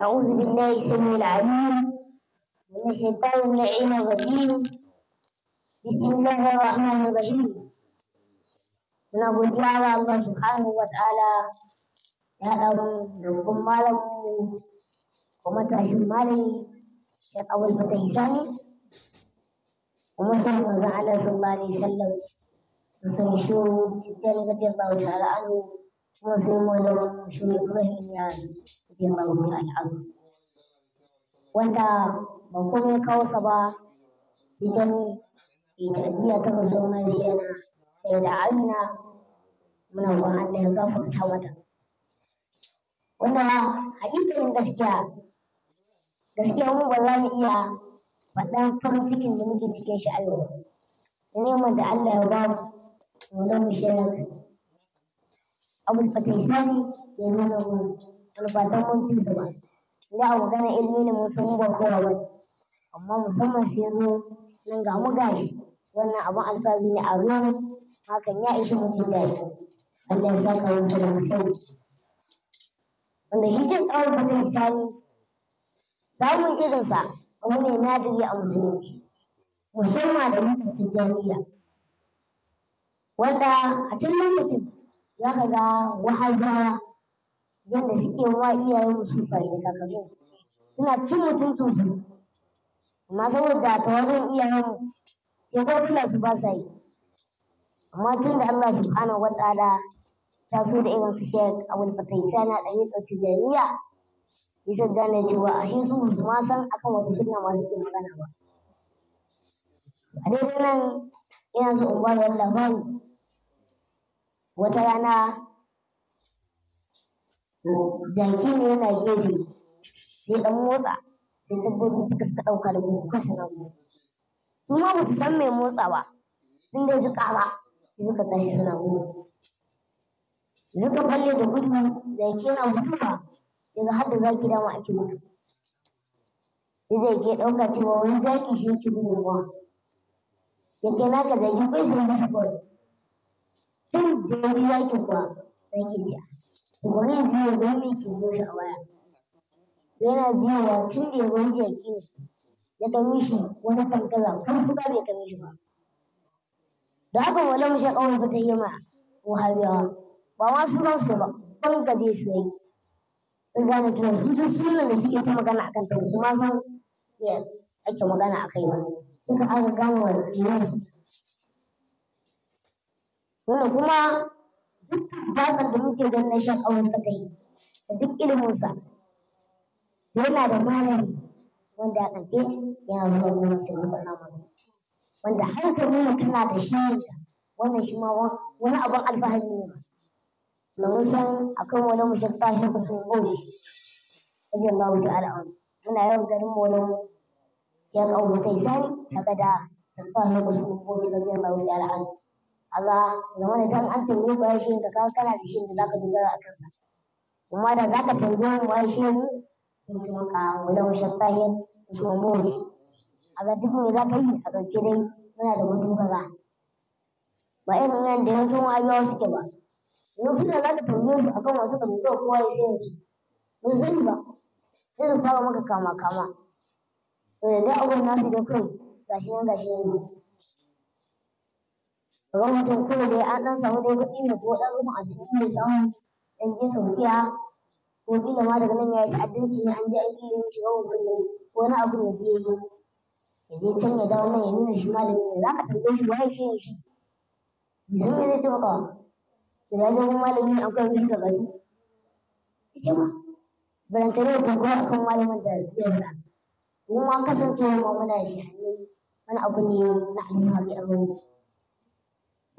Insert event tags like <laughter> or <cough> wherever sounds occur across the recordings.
أعوذ بالله السميع العليم من الشيطان اللعين الرجيم بسم الله الرحمن الرحيم muna godiya wa Allah subhanahu wa ta'ala malamu kuma tashin malami ya kawai fata isani kuma sun manzo Allah sallallahu alaihi wasallam sun da ne ga وقوموا لهم شيوخهم يعزهم الله al'adu. wanda ba komai kawosa ba idan biya ta zo mai yana sai da amina muna ga Allah ya gafarta mata wanda hakikalin gaskiya gaskiya mu ba za mu iya faɗan farin cikin da muke cikin shi Allah ne mu da Allah ya ba mu mu mu shi abul fatih ne ya nuna da wuri alfatan mun fi da ba za a magana ilimi ne mun san ba kowa ba amma musamman sai zo nan ga mu wannan abun alfazi ne a ruwan hakan ya ishi mutum ya yi Allah ya saka masa da mutum wanda shi jin abul fatih sani samun irinsa abu ne nadiri a musulunci musamman da lokacin jami'a wanda a tun lokacin za ka ga wahajawa yadda suke wa iyayen musu fari da kakannin suna cin mutuncin su amma saboda wajen iyayen ya gwamna su ba sa yi amma tun da Allah subhanahu wa ta'ala ta so da irin su shek abul fatai sana da yi tsaki jariya bisa gane cewa a shi su ma san akan wata sunna masu ke magana ba a daidai nan ina so in ba da labari wata rana jaki ne yana gefe sai ɗan motsa sai dabbobi suka suka ɗauka da gudu kashe na gudu su ma ba su san mai motsa ba sun dai zuƙa ba suka tashi suna gudu zuka falle da gudu jaki yana gudu ba daga har da zaki dama ake sai zai ke ɗauka cewa wani zaki shi ke gudu ba ya naka jaki bai zai gudu ba in da wani zaki kuwa zaki ji tukuna ya a waya yana jiwa da ya ya kan ba da haka wala mu shaka wani fita yi ma wahabiyawa ba ma su ba su ba kan gaje su yi sun gane tunan su sun sunan da suke ta magana akan ta su ma san ake magana a kai ba duka aka gane wa kuma kuma duk basar da muke ganin shan auren ta kai da duk iliminsa yana da malami wanda a ƙarfe yana zuwa gurin musulmi faɗa masa wanda har ka nuna tana da shi wannan shi ma wani abin alfahari ne ba, mun san akan wani mushrik ta shi kusa goshi wajen ba wuce al'adu muna yawan ganin wani ya ƙaunatai sani daga da ta fara shi kusa goshi wajen ba wuce al'adu aga zama da an tambaye ku ai shi ka kawo kana da shi da zaka dogara a kansa kuma da zaka tambaye mu ai shi ne mutum ka wala wa shafahin kuma mu A aga duk me zaka yi a ɗauke dai muna da wani kaza ba irin nan da yanzu ma biya suke ba yanzu suna zaka tambaye su akan wasu tambayar kowa ya sai yanzu mun sani ba sai su fara maka kama kama to yanzu abun nasu da kai gashi nan gashi nan kamar mutum kuma dai an ɗan samu dai kuɗi ne ko ɗan zuma a cikin mai samu ɗan je saudiya ko kila ma daga nan ya yi ta'addanci ne an je aiki ne shi yawon kullum ko wani abu ne je yi ya je can ya dawo nan ya nuna shi malami ne za ka tambaye shi waye shi ne shi bisu ne zai taimaka da ya zo malami an kai mishi ka gani ita ma balantare ko kuma akan malamin da zai fara kuma kasancewa ma muna shi hanyoyi wani abu ne na alhaki a rubutu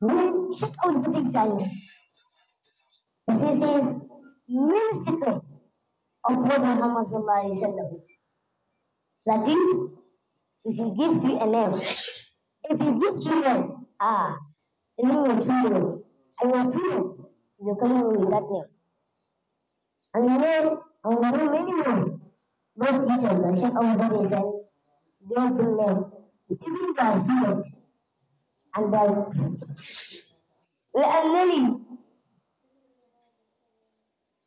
This is miracle of what Muhammad Sallallahu Alaihi That is, if you give you a name, if you give children, ah, you will children, I was children, you can with that name. And you know, I you know many more. Most people, the Sheikh Abu Dhabi said, their full name, even the students, عن لأنني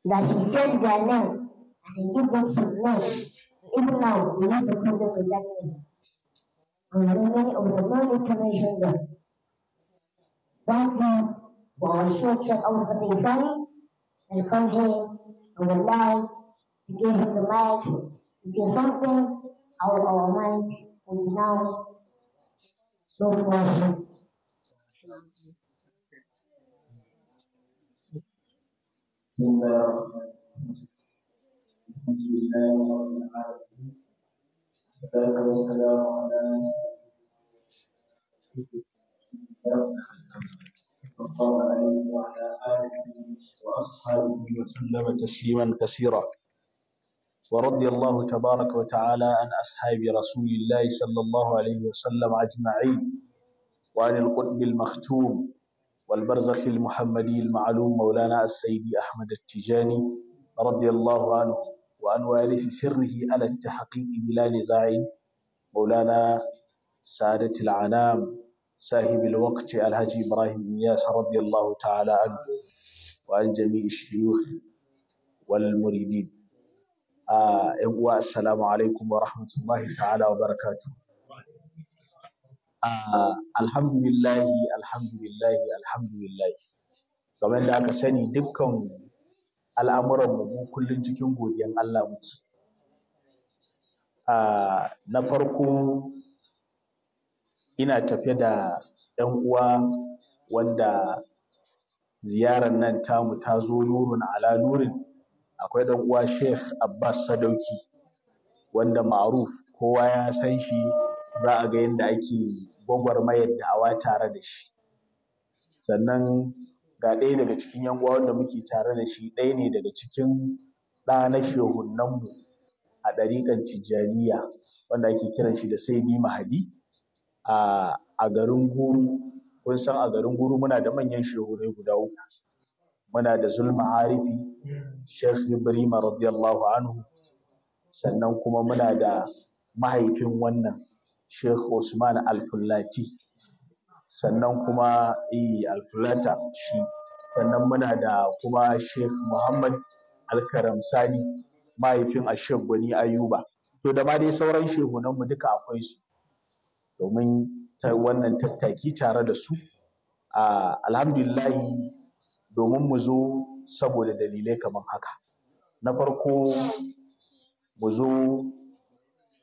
لكن كان جعلان هيجيبهم في الناس الابن ناو يريد كل ده في الله أمرني أمرني كما يجنب ذاك وعشوك شك أول فتي ثاني القمح والله to give him the mic to say something out of our mind we now so forth. بسم الله الرحمن الرحيم الحمد لله رب العالمين على وسلم تسليما كثيرا ورضي الله تبارك وتعالى عن أصحاب رسول الله صلى الله عليه وسلم أجمعين وعن القطب المختوم والبرزخ المحمدي المعلوم مولانا السيد أحمد التجاني رضي الله عنه وعن وارث سره على التحقيق بلا نزاع مولانا سادة العنام صاحب الوقت الحاج إبراهيم إياس رضي الله تعالى عنه وعن جميع الشيوخ والمريدين آه السلام عليكم ورحمة الله تعالى وبركاته alhamdulillahi alhamdulillahi alhamdulillahi kamar da aka sani dukkan al'amuran mu kullum cikin godiyan Allah muke na farko ina tafe da ‘yan uwa wanda ziyarar nan tamu ta zo nurun ala nurin akwai ɗan uwa Sheikh Abbas Sadauki wanda ma'aruf kowa ya san shi za a ga yadda ake gwagwarmayar da'awa tare da shi sannan ga ɗaya daga cikin yan uwa wanda muke tare da shi ɗaya ne daga cikin ɗa na mu a ɗariƙan tijjaniya wanda ake kiran shi da saidi mahadi a garin guru kun san a garin guru muna da manyan shehunai guda uku muna da zulma harifi sheikh ibrahim radiyallahu anhu sannan kuma muna da mahaifin wannan Sheikh Usman al sannan kuma eh al shi sannan muna da kuma Sheikh Muhammad al Sani mahaifin Ashek Gwani Ayuba to da ma dai sauran shehunan mu duka akwai su domin ta wannan tattaki tare da su a alhamdulillahi domin mu zo saboda dalilai kamar haka na farko mu zo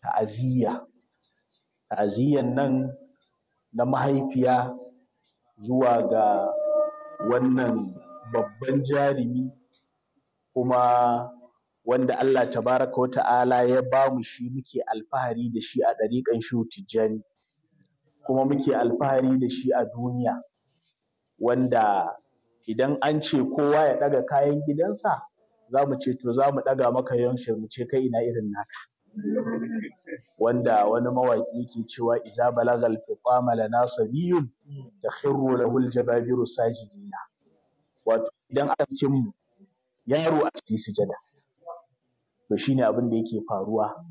ta'aziyya ta'aziyyan nan na mahaifiya zuwa ga wannan babban jarumi kuma wanda Allah tabaraka wa ta'ala ya ba mu shi muke alfahari da shi a ɗariƙan Shehu Tijjani kuma muke alfahari da shi a duniya wanda idan an ce kowa ya ɗaga kayan gidansa za mu ce to za mu ɗaga maka yaushe mu ce kai ina irin naka wanda wani mawaki yake cewa iza balagal fitama lana sabiyun takhirru lahu aljababiru sajidina wato idan aka ce mu yaro a cikin sujada to shine abin da yake faruwa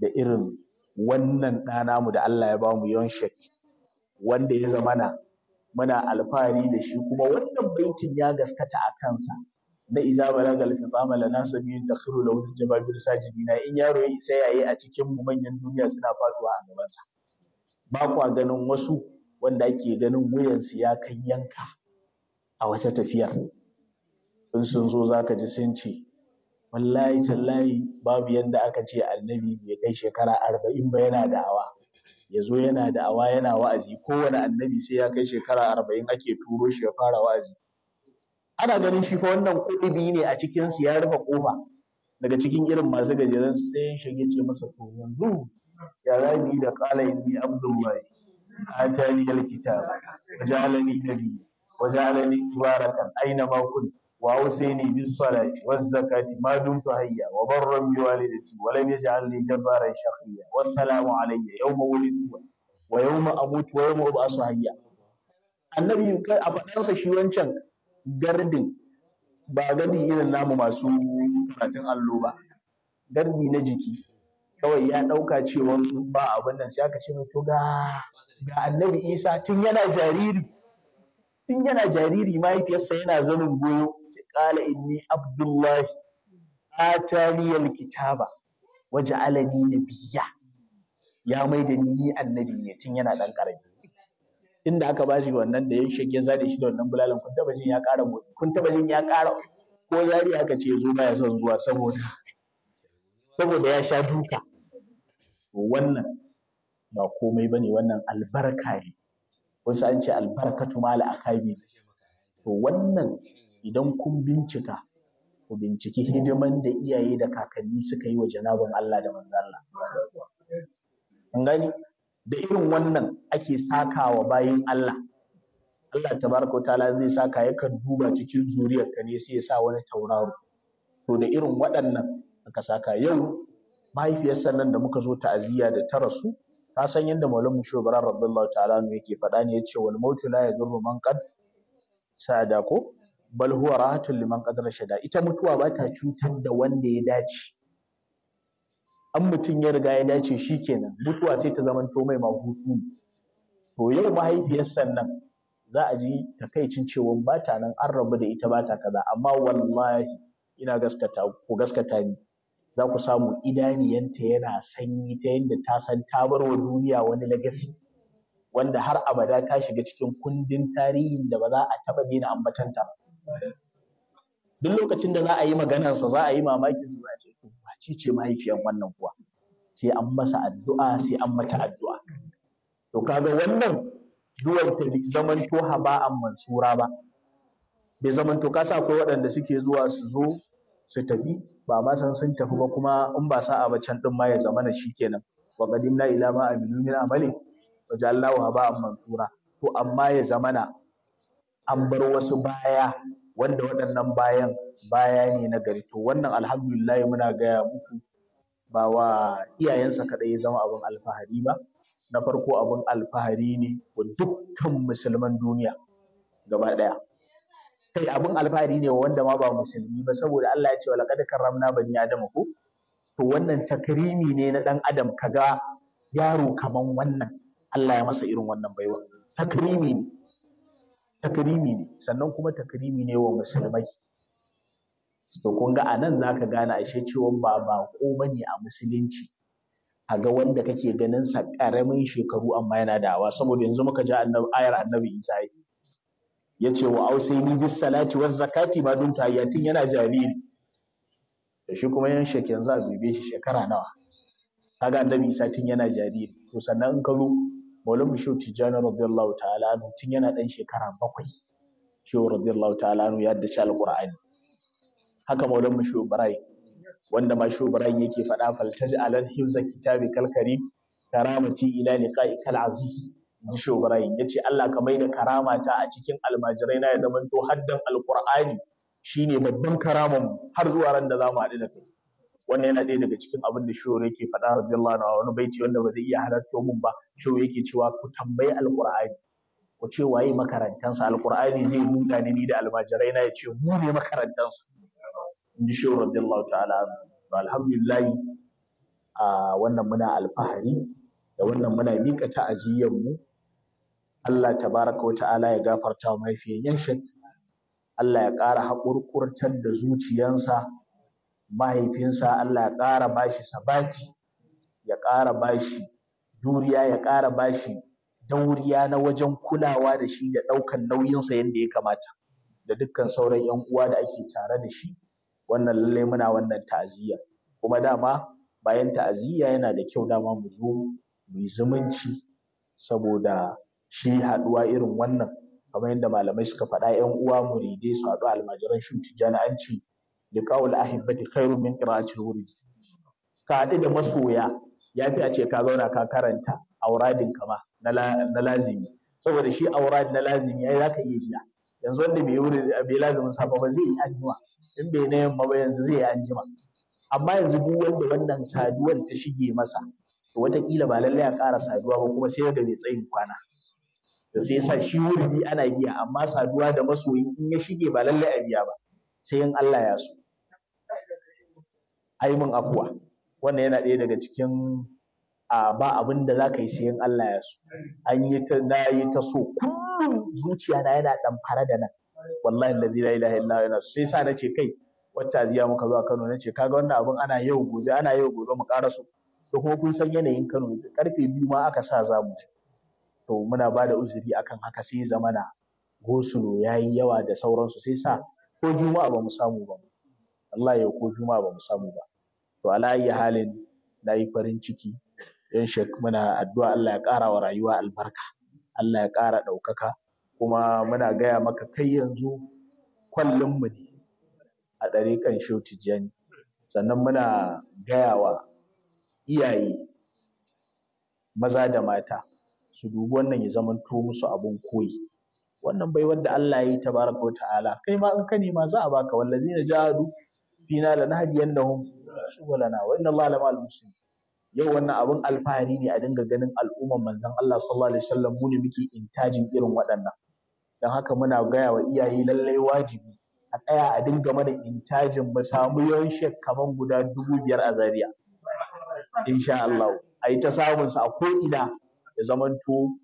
da irin wannan ɗana mu da Allah ya bamu yonshek wanda ya zamana muna alfahari da shi kuma wannan baitin ya gaskata a kansa da iza balagal fitama lana sabiyin da khiru lahu jababir sajidina in yaro ya isa yayi a cikin mu manyan duniya suna faduwa a gaban sa ba kwa ganin wasu wanda ake ganin wuyan su ya kai yanka a wata tafiyar in sun zo zaka ji sun ce wallahi tallahi babu yanda aka ce annabi bai kai shekara arba'in ba yana da'awa ya zo yana da'awa yana wa'azi kowane annabi sai ya kai shekara arba'in ake turo shi ya fara wa'azi ana ganin shi fa wannan kuɗi ne a cikin su ya rufe kofa daga cikin irin masu gajeren sai shige ce masa to yanzu ya rabi da qala inni abdullahi atani alkitab wajalani nabi wajalani mubarakan aina ma kuntu وأوصيني بالصلاة والزكاة ما دمت حيا وبرا بوالدتي ولم يجعلني جبارا شقيا والسلام علي يوم ولدت ويوم أموت ويوم أبعث حيا kai a أبو shi wancan gardin ba gardi irin namu masu karatun allo ba gardi na jiki kawai ya ɗauka cewa ba abin nan sai aka ce to ga ga annabi isa tun yana jariri tun yana jariri mahaifiyarsa yana zanin goyo ta ƙala inni abdullahi ataliyal kitaba waje alani nabiya ya maida ni annabi ne tun yana ɗan ƙarami inda aka bashi wannan da ya shige zare shi da wannan bulalan kun taba jin ya ƙara kun taba jin ya ƙara ko zari aka ce zo baya son zuwa saboda saboda ya sha duka to wannan ba komai bane wannan albarka ne wasu an ce albarkatu mal akabi to wannan idan kun bincika ku binciki hidiman da iyaye da kakanni suka yi wa janabin Allah da manzon Allah an gani da irin wannan ake sakawa bayan Allah Allah tabaraka ta'ala zai saka yakan duba cikin zuriyarka ne sai ya sa wani tauraro to da irin waɗannan aka saka yau mahaifiyarsa nan da muka zo ta'aziyya da ta rasu ta san yadda maulana shubran radiyallahu ta'ala ne yake faɗa ne yace wal mautu la yadurru man qad sada ko bal huwa rahatun liman qad rashada ita mutuwa ba ta cutar da wanda ya dace an mutum ya riga ya dace shi kenan mutuwa sai ta zamanto mai mahutu to yau mahaifiyar sannan za a ji takaicin cewa ba ta nan an rabu da ita ba ta kaza amma wallahi ina gaskata ku gaskata ni za ku samu idaniyanta yana sanyi ta yadda ta san ta bar wa duniya wani legacy wanda har abada ta shiga cikin kundin tarihin da ba za a taɓa daina ambatanta ba duk lokacin da za a yi maganarsa za a yi mamakin su ba a shi ce mahaifiyan wannan kuwa sai an masa addu'a sai an mata addu'a to kaga wannan duwan ta bai zaman to an mansura ba bai zaman to kasa akwai waɗanda suke zuwa su zo su tafi ba ma san sun tafi ba kuma in ba sa'a ba can din ma ya zamana shikenan wa qadimna ila ma amilu min amali wa ja'alnahu haba'an mansura to amma ya zamana an bar wasu baya wanda waɗannan bayan baya ne na gari to wannan alhamdulillah muna gaya muku ba wa iyayensa kaɗai ya zama abin alfahari ba na farko abin alfahari ne wa dukkan musulman duniya gaba ɗaya kai abin alfahari ne wanda ma ba musulmi ba saboda Allah ya ce wa laqad karramna bani adama ko to wannan takrimi ne na dan adam kaga yaro kaman wannan Allah ya masa irin wannan baiwa takrimi ne takrimi ne sannan kuma takrimi ne wa musulmai to kun ga anan zaka gane ashe cewa ba ko bane a musulunci a ga wanda kake ganin sa karamin shekaru amma yana dawa saboda yanzu muka ji annabi ayar annabi Isa yace wa ausaini bis salati waz zakati ba dun tahiyatin yana jariri da shi kuma yan shek za a zube shi shekara nawa kaga annabi Isa tun yana jariri to sannan in ka zo Maulana Shehu Tijjani radiyallahu ta'ala anhu tun yana dan shekara bakwai Shehu radiyallahu ta'ala anhu ya haddace alqur'ani haka Maulana Shehu Ibrahim wanda ma Shehu Ibrahim yake faɗa faltaji alal himza kitabi kalkari karamati ila liqa'i kal aziz ji Ibrahim yace Allah ka maida karamata a cikin almajirai na ya zamanto haddan alqur'ani shine babban karaman har zuwa ran da zamu haɗu da kai wannan yana ɗaya daga cikin abin da shiwar yake faɗa radiyallahu anhu wani baiti wanda ba zai iya halarta mun ba shiwar yake cewa ku tambayi alqur'ani ku ce waye makarantansa alqur'ani zai huta ni da almajirai na ya ce mu ne makarantansa in ji shiwar radiyallahu ta'ala alhamdulillah a wannan muna alfahari da wannan muna miƙa ta'aziyyar mu Allah tabaraka wa ta'ala ya gafarta mahaifiyar yan Allah ya ƙara haƙurƙurtar da zuciyansa mahaifinsa Allah ya ƙara bashi sabati ya ƙara bashi juriya, ya ƙara bashi dauriya na wajen kulawa da shi da ɗaukan nauyinsa yadda ya kamata da dukkan sauran 'yan uwa da ake tare da shi wannan lallai muna wannan ta'aziyya kuma dama bayan ta'aziyya yana da kyau dama mu zo mu yi zumunci saboda shi haɗuwa irin wannan kamar yadda malamai suka faɗa 'yan uwa muridai su haɗu almajiran shi tijjani an ce liqa'ul ahibbati khairu min qira'atil wurud ka haɗu da masoya ya fi a ce ka zauna ka karanta auradin ka ma na lazimi saboda shi aurad na lazimi ai zaka iya biya yanzu wanda bai wuri bai lazimin safa ba zai yi anjima in bai na yamma ba yanzu zai yi anjima amma yanzu duk wanda wannan saduwar ta shige masa to wataƙila ba lallai a ƙara saduwa ba kuma sai daga mai tsayin kwana da sai sa shi wurbi ana biya amma saduwa da masoyi in ya shige ba lallai a biya ba sai in Allah ya so a yi min afuwa wannan yana ɗaya daga cikin a ba abin da za ka yi sayan Allah ya so an yi ta na yi ta so kullum zuciya na yana ɗamfara da nan wallahi lazi la ilaha illa yana so sai sa na ce kai wacce aziya muka a Kano na ce kaga wannan abin ana yau gobe ana yau gobe mu ƙara so to kuma kun san yanayin Kano karfe biyu ma aka sa za mu to muna ba da uzuri akan haka sai zamana gosulo ya yi yawa da sauransu sai sa ko juma'a ba mu samu ba Allah ya ko juma'a ba mu samu ba to ala ayi halin na yi farin ciki yan shek muna addu'a Allah ya ƙara wa rayuwa albarka Allah ya ƙara ɗaukaka kuma muna gaya maka kai yanzu kwallon mu ne a ɗariƙan Shehu Tijjani sannan muna gaya wa iyaye maza da mata su dubi wannan ya zama zamanto musu abun koyi wannan bai da Allah ya yi tabaraka wa ta'ala kai ma in ka nema za a baka na jahadu fina lanahdiyannahum subulana wa inna Allaha lama al yau wannan abun alfahari ne a dinga ganin al'umman manzon Allah sallallahu alaihi wasallam mu ne muke intajin irin waɗannan dan haka muna gaya wa iyaye lallai wajibi a tsaya a dinga mana intajin mu samu yawan kaman guda dubu biyar a zaria insha Allah a yi ta samun su a ko ina ya zamanto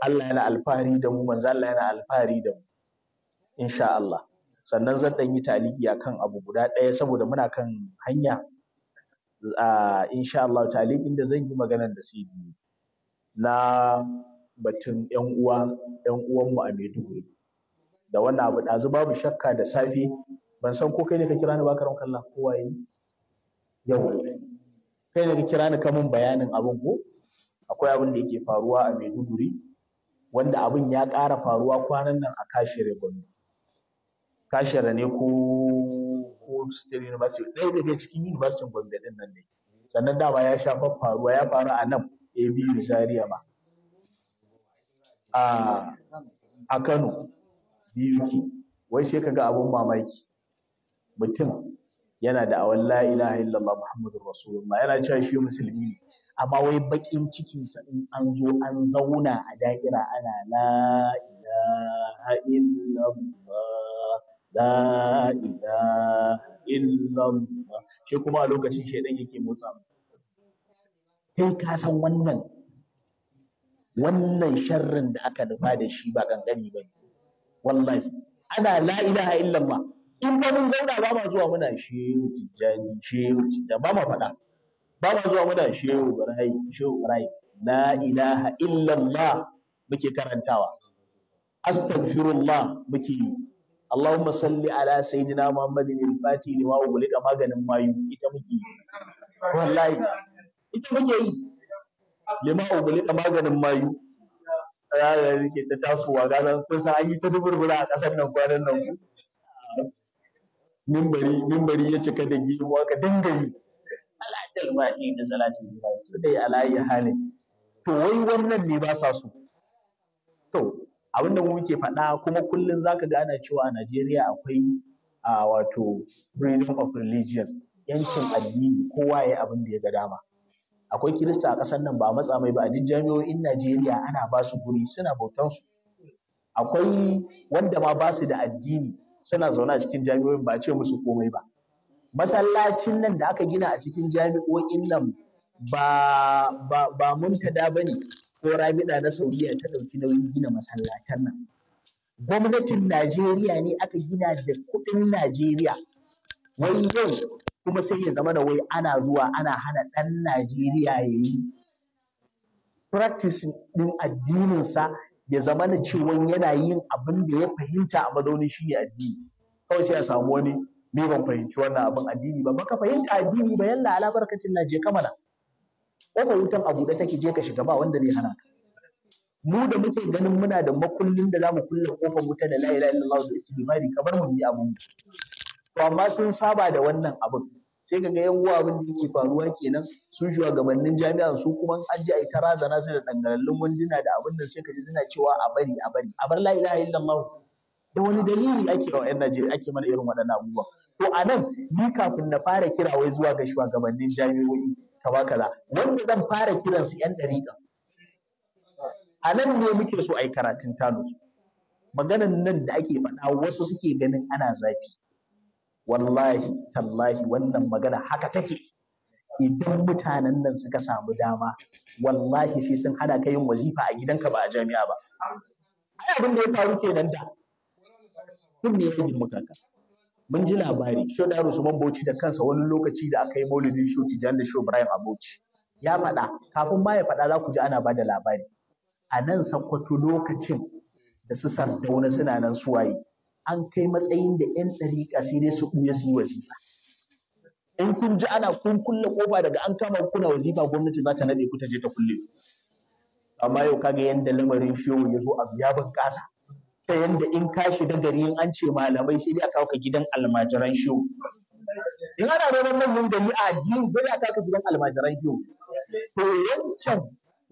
Allah yana alfahari da mu manzo Allah yana alfahari da mu insha Allah sannan zan ɗan yi taliki kan abu guda ɗaya saboda muna kan hanya a insha Allah talikin da zan yi maganar da biyu na batun ƴan uwa ƴan uwanmu a Maiduguri da wannan abu ɗazu babu shakka da safe ban san ko kai ne ka kira ni ba karon kallon ko waye. yau kai ne ka kira ni kamun bayanin abin ko akwai abin da yake faruwa a Maiduguri wanda abin ya ƙara faruwa kwanan nan a kashi Borno kashara ne ko ko state university ɗaya daga cikin university gombe din nan ne sannan dama ya sha faruwa ya faru a nan ab nigeria ma a kano buk wai sai kaga abun mamaki mutum yana da awan la ilaha illallah muhammadur rasulullah yana cewa shi musulmi ne amma wai bakin cikinsa in an zo an zauna a da'ira ana la ilaha illallah la ilaha illallah shi kuma a lokacin shaidan yake motsa kai ka san wannan wannan sharrin da aka nufa da shi ba kankani ba wallahi ana la ilaha illallah in ba mun zauna ba ma zuwa muna shehu tijjani shehu tijjani ba ma faɗa ba ma zuwa muna shehu barai shehu barai la ilaha illallah muke karantawa astaghfirullah muke yi Allahumma salli ala sayyidina Muhammadin al-Fati lima ubulika maganin mayu ita muke wallahi ita muke yi lima ubulika maganin mayu rana da ke ta tasowa ganan kun san an yi ta duburbura a ƙasar nan kwanan nan mimbari mimbari ya cika da giwa ka dinga yi al'adar ke da salatin jima'i to dai alayyi halin to wai wannan ne ba sa so to abin da muke faɗa kuma kullum zaka ga ana cewa a Najeriya akwai a wato freedom of religion yancin addini kowa ya abin da ya ga dama akwai kirista a ƙasar nan ba matsa mai ba a duk jami'o'in Najeriya ana ba su guri suna bautan su akwai wanda ma ba su da addini suna zaune a cikin jami'o'in ba a ce musu komai ba masallacin nan da aka gina a cikin jami'o'in nan ba ba ba muntada bane ko Rabi'a na Saudiya ta ɗauki nauyin gina masallatan nan. Gwamnatin Najeriya ne aka gina da kuɗin Najeriya. Wai yau kuma sai ya zama da wai ana zuwa ana hana ɗan Najeriya ya yi practice ɗin addininsa ya zama da cewa yana yin abin da ya fahimta a madaunin shi ne addini. Kawai sai a samu wani ban fahimci wannan abin addini ba baka fahimta addini ba yalla ala barkatin na je kamana. kofar wutan a buɗe take je ka shiga ba wanda zai hana ka mu da muke ganin muna da makullin da zamu kulle kofar wuta da la ilaha illallah da istighfari kamar mu yi abun to amma sun saba da wannan abun sai kaga yan uwa abin da yake faruwa kenan sun shugabannin jami'an su kuma an ji ai ta razana su da dangarallun wanduna da abin nan sai kaji suna cewa a bari a bari a bar la ilaha illallah da wani dalili ake wa yan Najeriya ake mana irin waɗannan abubuwa to anan ni kafin na fara kira wai zuwa ga shugabannin jami'o'i kaza kaza wanda zan fara kiran su yan dariƙa a nan ne muke so a yi karatun Tanusu. maganan nan da ake faɗa wasu suke ganin ana zafi wallahi tallahi wannan magana haka take idan mutanen nan suka samu dama wallahi sai sun hana ka yin wazifa a gidanka ba a jami'a ba ai abin da ya faru kenan da kun ne ya yi mun ji labari da yaro Usman Bauchi da kansa wani lokaci da aka yi Maulidin Shehu Jihar da shi Ibrahim a ya faɗa kafin ma ya faɗa za ku ji ana bada labari a nan sakwato lokacin da su Sardauna suna nan suwaye an kai matsayin da 'yan ɗari sai dai su ɓuya su yi wazifa In kun ji ana kun kulle ƙofa daga an kama kuna wazifa gwamnati za ta naɗe ku ta je ta kulle. Amma yau kaga yadda lamarin shehu ya zo abu ya bunƙasa. ta yanda in ka shiga gari in an ce malamai sai dai a kawo ka gidan almajiran in ana neman manyan gari a addini sai dai a kawo gidan almajiran sho to wancan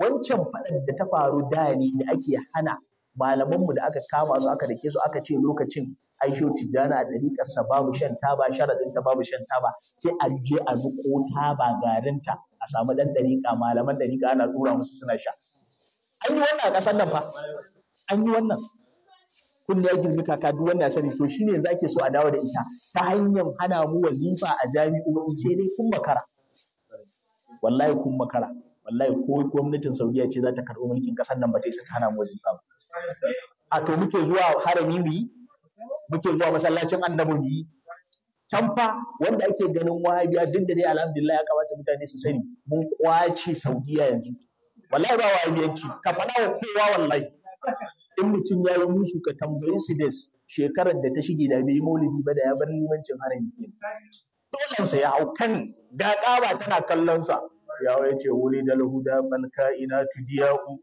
wancan faɗan da ta faru da ne da ake hana malamanmu da aka kama su aka dake su aka ce lokacin ai aisho tijjani a ɗariƙarsa babu shan taba ta babu shan taba sai a je a nuko taba garinta a samu ɗan ɗariƙa malaman ɗariƙa ana tura musu suna sha an yi wannan a ƙasar nan fa an yi wannan Kun ya girmi kaka duk wannan sani to shine yanzu ake so a dawo da ita ta hanyar hana mu wazifa a jami'o'i sai dai kun makara wallahi kun makara wallahi ko gwamnatin Saudiya ce za ta karɓi mulkin ƙasar nan ba ta isa ta hana mu wazifa ba a to muke zuwa harami mu yi muke zuwa masallacin annabi mu can fa wanda ake ganin wahabiya duk da dai alhamdulillah ya kamata mutane su sani mun kwace Saudiya yanzu wallahi ba wahabiyanci ka faɗa wa kowa wallahi in mutum ya yi musu ka tambayi su des shekarar da ta shige da bai maulidi ba da ya bar limancin harin ke dolensa ya haukan kan ga tana kallonsa ya wai ce wuri da lahuda falka ina tudiya'u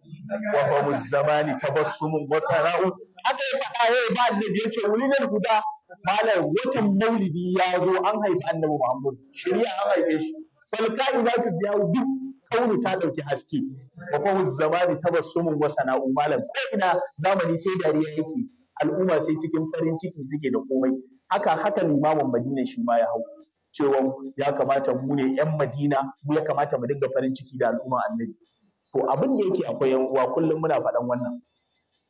wa famu zamani tabassumun wa tara'u aka yi faɗa yau ba da ya ce wuri da lahuda malar watan maulidi ya zo an haifi annabi muhammad shirya an haife shi falka ina tudiya'u duk alkaunu ta ɗauki haske wa kuma zamani mun wasa sana'u malam ko ina zamani sai dariya yake al'umma sai cikin farin ciki suke da komai haka haka limamin madina shi ma ya hau cewa ya kamata mu ne yan madina mu ya kamata mu dinga farin ciki da al'umma annabi to abin da yake akwai yan uwa kullum muna faɗan wannan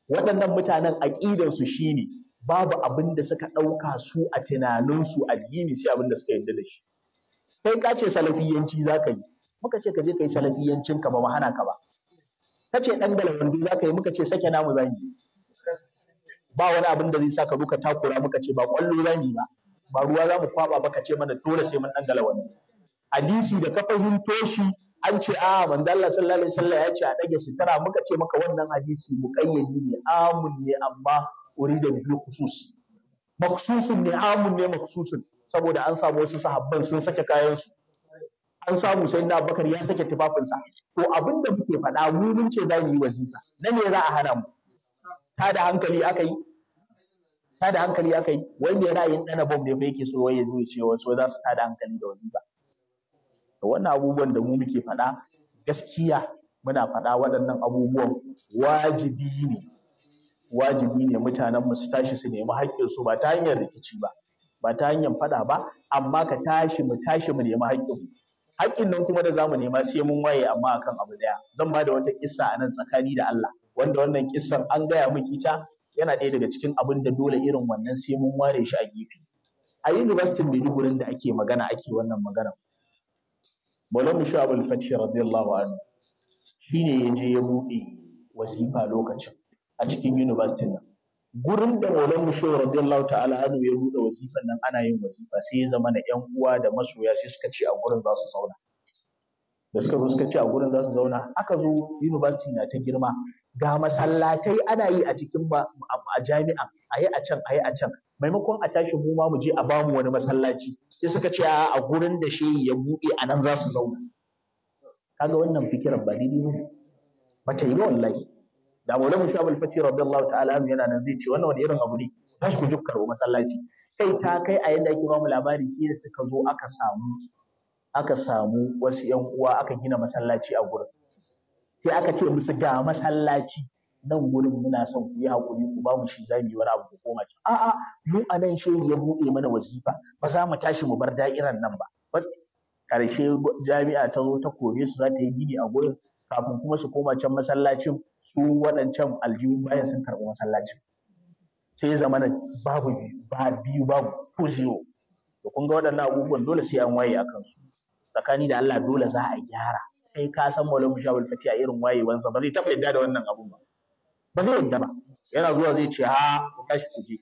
waɗannan mutanen aqidar su shine babu abin da suka ɗauka su a tunaninsu addini sai abin da suka yarda da shi kai ka ce salafiyanci zaka yi muka ce ka je ka yi salafiyancin ka ba mu hana ka ba ka ce dan galawandu duk zaka yi muka ce sake namu za ba wani abin da zai sa ka ruka takura muka ce ba kwallo za ba ba ruwa za mu kwaba ba ka ce mana dole sai mun dan galawandu hadisi da ka fahimto shi an ce a ah, manzo Allah sallallahu alaihi wasallam ya ce a dage sitara muka ce maka wannan hadisi muqayyadi ne amun ne amma urida bi khusus maksusun ne amun ne maksusun saboda an samu wasu sahabban sun saka kayan su an samu sai na bakar ya sake tufafinsa to abin da muke faɗa mu mun ce za mu yi wasiƙa na me za a hana mu ta da hankali aka yi ta da hankali aka wanda yana yin ɗana bom ne ba yake so ya zo ce wasu za su ta da hankali da wasiƙa to wannan abubuwan da mu muke faɗa gaskiya muna faɗa waɗannan abubuwan wajibi ne wajibi ne mutanen mu su tashi su nemi haƙƙinsu ba ta hanyar rikici ba ba ta hanyar faɗa ba amma ka tashi mu tashi mu nemi haƙƙinmu haƙƙin nan kuma da zamu nema sai mun waye amma akan abu ɗaya, zan ba da wata kissa a nan tsakani da Allah wanda wannan kissan an gaya miki ita yana ɗaya daga cikin abin da dole irin wannan sai mun ware shi a gefe a university Maiduguri da ake magana ake wannan magana Maulana Musa al-Fathi radiyallahu anhu shine ya je ya buɗe wasifa lokacin a cikin university nan gurin da maulan mushewa radiyallahu ta'ala anhu ya buɗe wasifan nan ana yin wasifa sai ya zama na ƴan uwa da masoya sai suka ce a gurin za su zauna da suka zo suka ce a gurin za su zauna aka zo university na ta girma ga masallatai ana yi a cikin a jami'a a yi a can a yi a can maimakon a tashi mu ma mu je a bamu wani masallaci sai suka ce a gurin da shi ya buɗe a nan za su zauna kaga wannan fikirar ba daidai ba ta yi ba wallahi da mu shu'ab al-fati radiyallahu ta'ala an yana nan zai ce wannan wani irin abu ne shi ku jukkar masallaci kai ta kai a yadda ake ba mu labari sai da suka zo aka samu aka samu wasu yan uwa aka gina masallaci a gurin sai aka ce musu ga masallaci nan gurin muna son ku yi hakuri ku ba mu shi za yi wani abu ko koma ci a'a mu a nan shehu ya buɗe mana wasifa ba za mu tashi mu bar da'iran nan ba karshe jami'a ta zo ta kore su za ta yi gini a gurin kafin kuma su koma can masallacin su waɗancan aljihun bayan sun karɓi masallaci. sai ya zama babu biyu babu ko zero to kun ga waɗannan abubuwan dole sai an waye a kansu. tsakani da Allah dole za a gyara kai ka san maulana shawul fati a irin wayewansa ba zai taɓa yadda da wannan abun ba ba zai yadda ba yana zuwa zai ce ha ku tashi ku je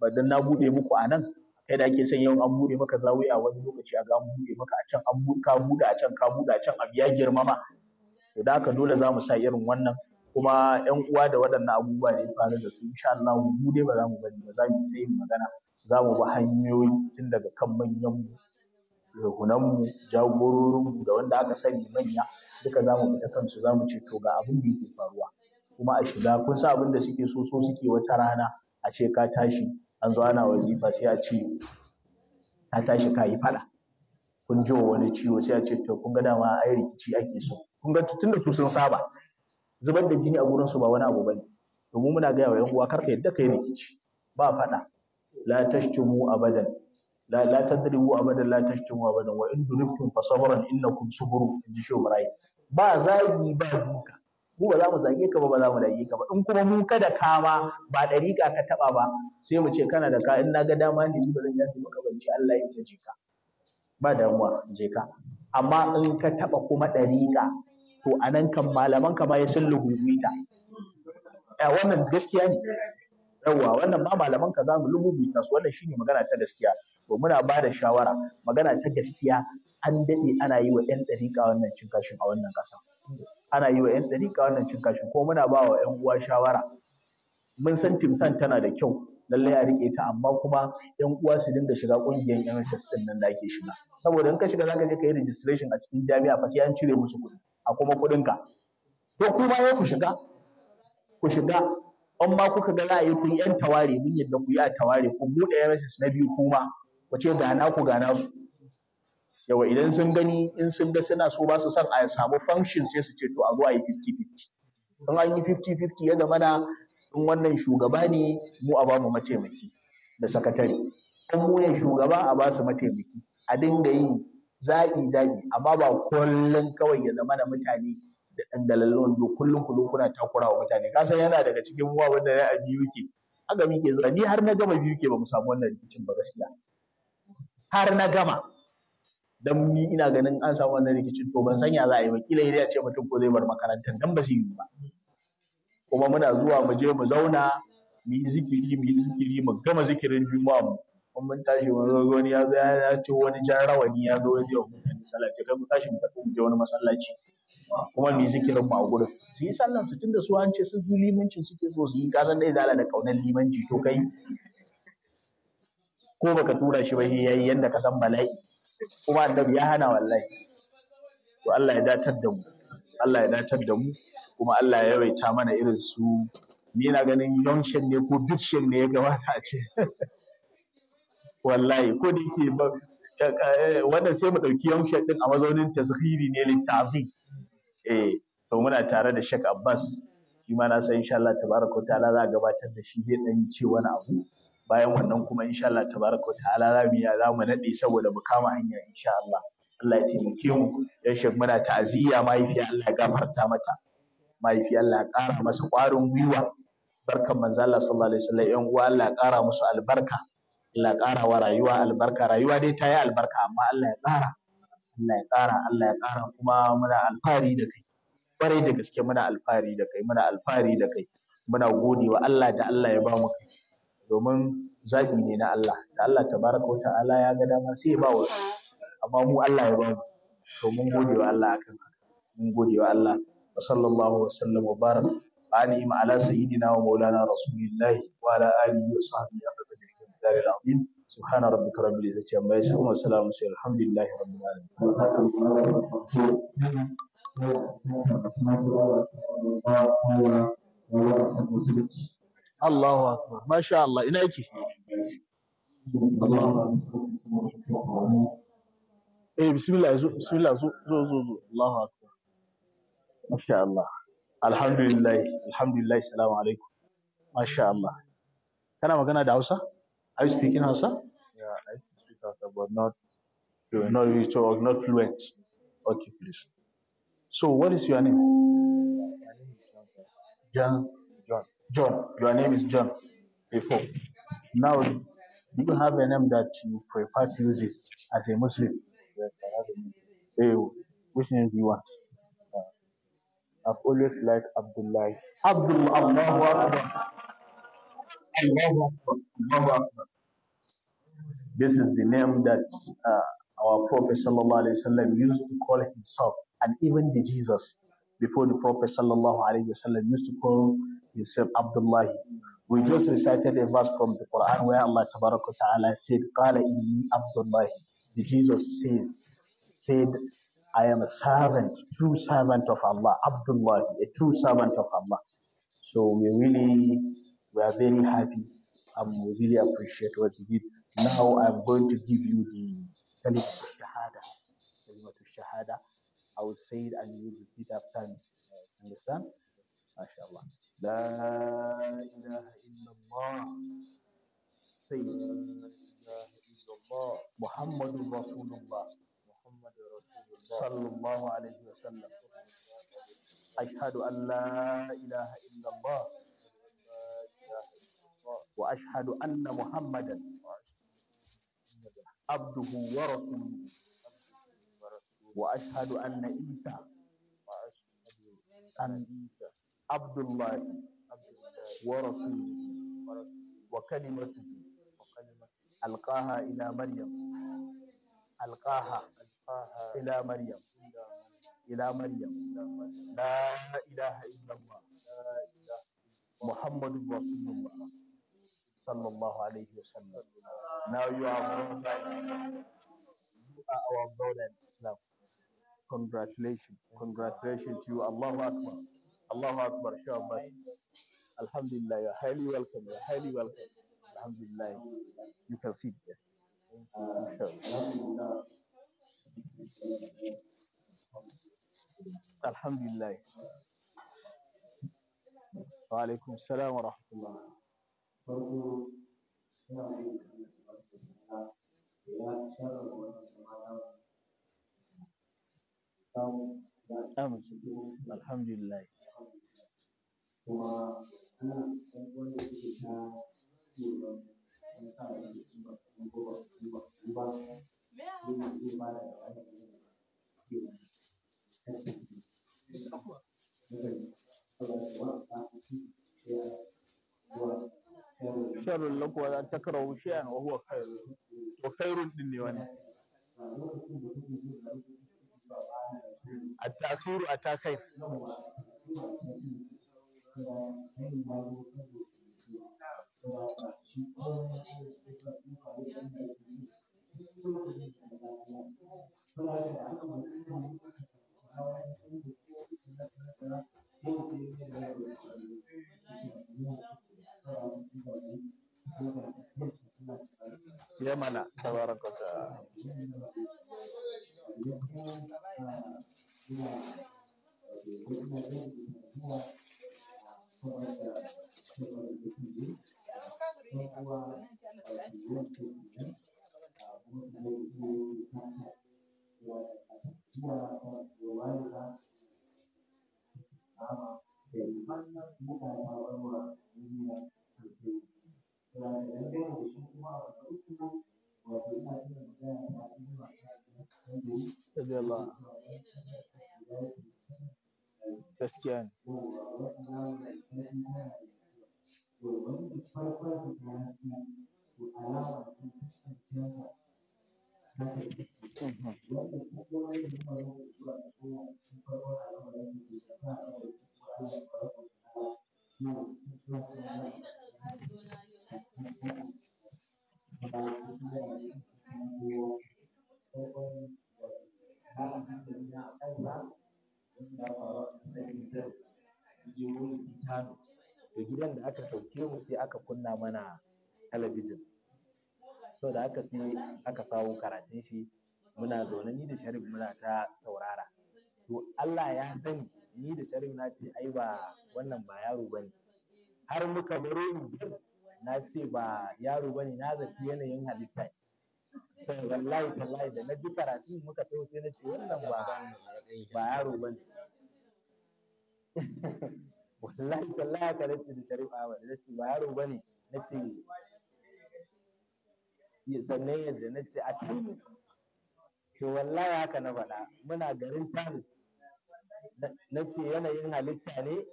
ba dan na bude muku a nan kai da ake son yau an bude maka a wani lokaci a ga an bude maka a can an ka bude a can ka bude a can abu ya girmama to da haka dole za mu sa irin wannan kuma yan uwa da waɗannan abubuwa da ya faru da su insha Allah mu dai ba za mu bari ba za mu yi yin magana za mu bi hanyoyi tun daga kan manyan mu jagororinmu da wanda aka sani manya duka za mu fita kansu za mu ce to ga abin da yake faruwa kuma a shiga kun sa abin da suke so so suke wata rana a ce ka tashi an zo ana wazifa sai a ce ka tashi ka yi faɗa kun ji wa wani ciwo sai a ce to kun ga dama ai rikici ake so kun ga tun da su sun saba zubar da jini a gurin su ba wani abu bane to mu muna gaya wa yan uwa karka yadda kai rikici ba fada la tashtumu abadan la la tadribu abadan la tashtumu abadan wa in duribtum fa sabran innakum ji shi shobrai ba zagi ba duka mu ba za mu zage ka ba ba za mu dage ka ba in kuma mu kada ka ma ba dariƙa ka taba ba sai mu ce kana da ka in na ga dama ne ba zan yafi maka banci Allah ya saje ka ba damuwa je ka amma in ka taba kuma dariƙa to a nan kan malaman ka ma ya sun ta. Ya wannan gaskiya ne yawwa wannan ma malaman ka za mu lugubita su wannan shine magana ta gaskiya to muna ba da shawara magana ta gaskiya an daɗe ana yi wa 'yan ɗariƙa wannan cin kashin a wannan ƙasa ana yi wa 'yan ɗariƙa wannan cin kashin ko muna ba wa 'yan uwa shawara mun san timsan tana da kyau lallai a riƙe ta amma kuma 'yan uwa su dinga shiga ƙungiyar NSS ɗin nan da ake shiga saboda in ka shiga zaka je ka yi registration a cikin jami'a fa sai an cire musu kuɗi a kuma kuɗinka to ku ya ku shiga ku shiga An ma kuka ga za a yi kun yan taware mun yadda ku yi a taware ku buɗe yarsis na biyu kuma ku ce gana ku gana su yawa idan sun gani in sun ga suna so ba su son a samu function sai su ce to a zo a yi 50-50 in an yi 50-50 ya zama na in wannan shugaba ne mu a ba mu mataimaki da sakatare in mu ne shugaba a ba su mataimaki a dinga yin zaɓi zaɓi amma ba kullum kawai ya zama na mutane da ɗan dalilin do kullum kullum kuna takura wa mutane ka san yana daga cikin wa wanda ya a biyu ke aga mike zuwa ni har na gama biyu ke ba mu samu wannan rikicin ba gaskiya har na gama dan ni ina ganin an samu wannan rikicin to ban sanya za a yi ba kila ya ce mutum ko zai bar makarantar dan ba su yi ba kuma muna zuwa mu je mu zauna mu yi zikiri mu yi zikiri mu gama zikirin juma'a mu in mun tashi wani zo wani ya zo ya ce wani jan rawani ya zo ya je wa mutane sallah ce kai ku tashi mu tafi mu je wani masallaci kuma mu suke nan mu a gurin su yi sallan su tunda su an ce su su limancin suke so su yi kazan dai zala da kaunar limanci to kai ko baka tura shi ba shi yayi yanda ka san bala'i kuma annabi ya hana wallahi to Allah ya datar da mu Allah ya datar da mu kuma Allah ya yawaita mana irin su ni na ganin yonshen ne ko bikshen ne ya gabata a ce <laughs> wallahi ko da yake eh, eh, wannan sai mu ɗauki yaushe ɗin a mazaunin tashiri ne littafi eh to muna tare da shek Abbas shi ma na san insha Allah tabaraka ta'ala za a gabatar da shi zai ɗan ce wani abu bayan wannan kuma insha Allah tabaraka ta'ala za mu ya za mu nade saboda mu kama hanya insha Allah Allah ya taimake mu dan Sheikh muna ta'aziyya mahaifi Allah ya gafarta mata mahaifi Allah ya ƙara masa ƙwarin gwiwa barkan manzo Allah sallallahu alaihi wasallam ƴan uwa Allah ya ƙara musu albarka Allah ya ƙara wa rayuwa albarka rayuwa dai ta yi albarka amma Allah ya ƙara Allah ya ƙara Allah ya ƙara kuma muna alfahari da kai ƙwarai da gaske muna alfahari da kai muna alfahari da kai muna gode wa Allah da Allah ya ba mu kai domin zaɓi ne na Allah da Allah tabaraka wa ta'ala ya ga dama sai ya ba wa amma mu Allah ya ba mu to mun gode wa Allah akan haka mun gode wa Allah wa sallallahu wa sallam wa ma ala sayyidina wa maulana rasulillahi wa ala alihi wa sahbihi الدار العظيم سبحان ربك رب العزة عما يصفون وسلام على الحمد لله رب العالمين. الله اكبر ما شاء الله اليك إيه بسم الله زو بسم الله زو زو زو زو الله أكبر ما شاء الله الحمد لله الحمد لله السلام عليكم ما شاء الله أنا ما كنا دعوسا Are you speaking Hausa? Yeah, I speak Hausa, but not fluent. talk not fluent. Okay, please. So, what is your name? My name is John. John. John. Your name is John. Before. Now, do you have a name that you prefer to use it as a Muslim? Yes, I have a name. Hey, which name do you want? Uh, I've always liked Abdullah. Abdullah, this is the name that uh, our Prophet sallallahu alaihi wasallam used to call himself, and even the Jesus before the Prophet sallallahu alaihi wasallam used to call himself Abdullah. We just recited a verse from the Quran where Allah Ta'ala said, Qala inni Abdullah. The Jesus said, said, I am a servant, true servant of Allah, Abdullah, a true servant of Allah. So we really we are very happy and um, we really appreciate what you did. Now I'm going to give you the Kalimat Shahada. Kalimat Shahada. I will say it and you will repeat after me. Understand? MashaAllah. لا إله إلا الله سيدنا محمد رسول الله محمد رسول الله صلى الله عليه وسلم أشهد أن لا إله إلا الله وأشهد أن محمدا عبده ورسوله وأشهد أن عيسى أن عبد الله ورسوله وكلمته ألقاها إلى مريم ألقاها إلى مريم إلى مريم لا إله إلا الله محمد رسول الله sallallahu alayhi wasallam. Now you are brothers. You are our brother in Islam. Congratulations. Congratulations to you. Allahu Akbar. Allahu Akbar. Shabbos. Alhamdulillah. You're highly welcome. You're highly welcome. Alhamdulillah. You can sit there. Inshallah. Alhamdulillah. Wa alaikum salam wa rahmatullah. farko suna yin Allah tabaraka ta'ala ya sharrafa wannan sama'a samu samu su alhamdulillah kuma ana ta da su ke da ta شر لكم أن تكرهوا شيئا وهو خير وخير din ne wannan at-ta'khiru at-ta'khir Thank you. aka kunna mana talabijin so da aka fi aka samu karatun shi muna zaune ni da sharif muna ta saurara to Allah ya sani ni da sharif na ce ai ba wannan ba yaro bane har muka baro na ce ba yaro bane na zaci yanayin halitta sai wallahi wallahi da na ji karatun muka so sai na ce wannan ba ba yaro bane <laughs> wallahi tallahi ka nace da Sharif Ahmad nace ba yaro bane nace ya sannan yadda nace a cikin to wallahi haka na faɗa muna garin Tanis nace yanayin halitta ne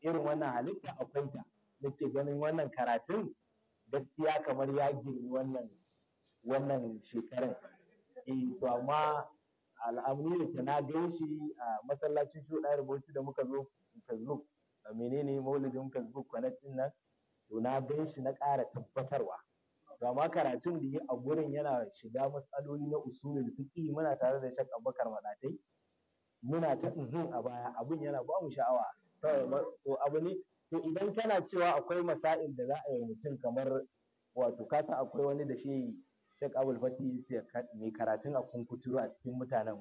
irin wannan halitta akwai ta nake ganin wannan karatun gaskiya kamar ya girmi wannan wannan eh to amma al'amuri ta na gan shi a masallacin shuɗa rubuci da muka zo muka zo menene maulidin facebook connect din nan to na gan shi na ƙara tabbatarwa to amma karatun da yi a gurin yana shiga matsaloli na usulul fiqi muna tare da shakka bakar madatai muna ta uhun a baya Abun yana ba mu sha'awa to abu ne to idan kana cewa akwai masa'il da za a yi mutum kamar wato ka san akwai wani da shi shek abul fati mai karatun a kunkuturu a cikin mutanen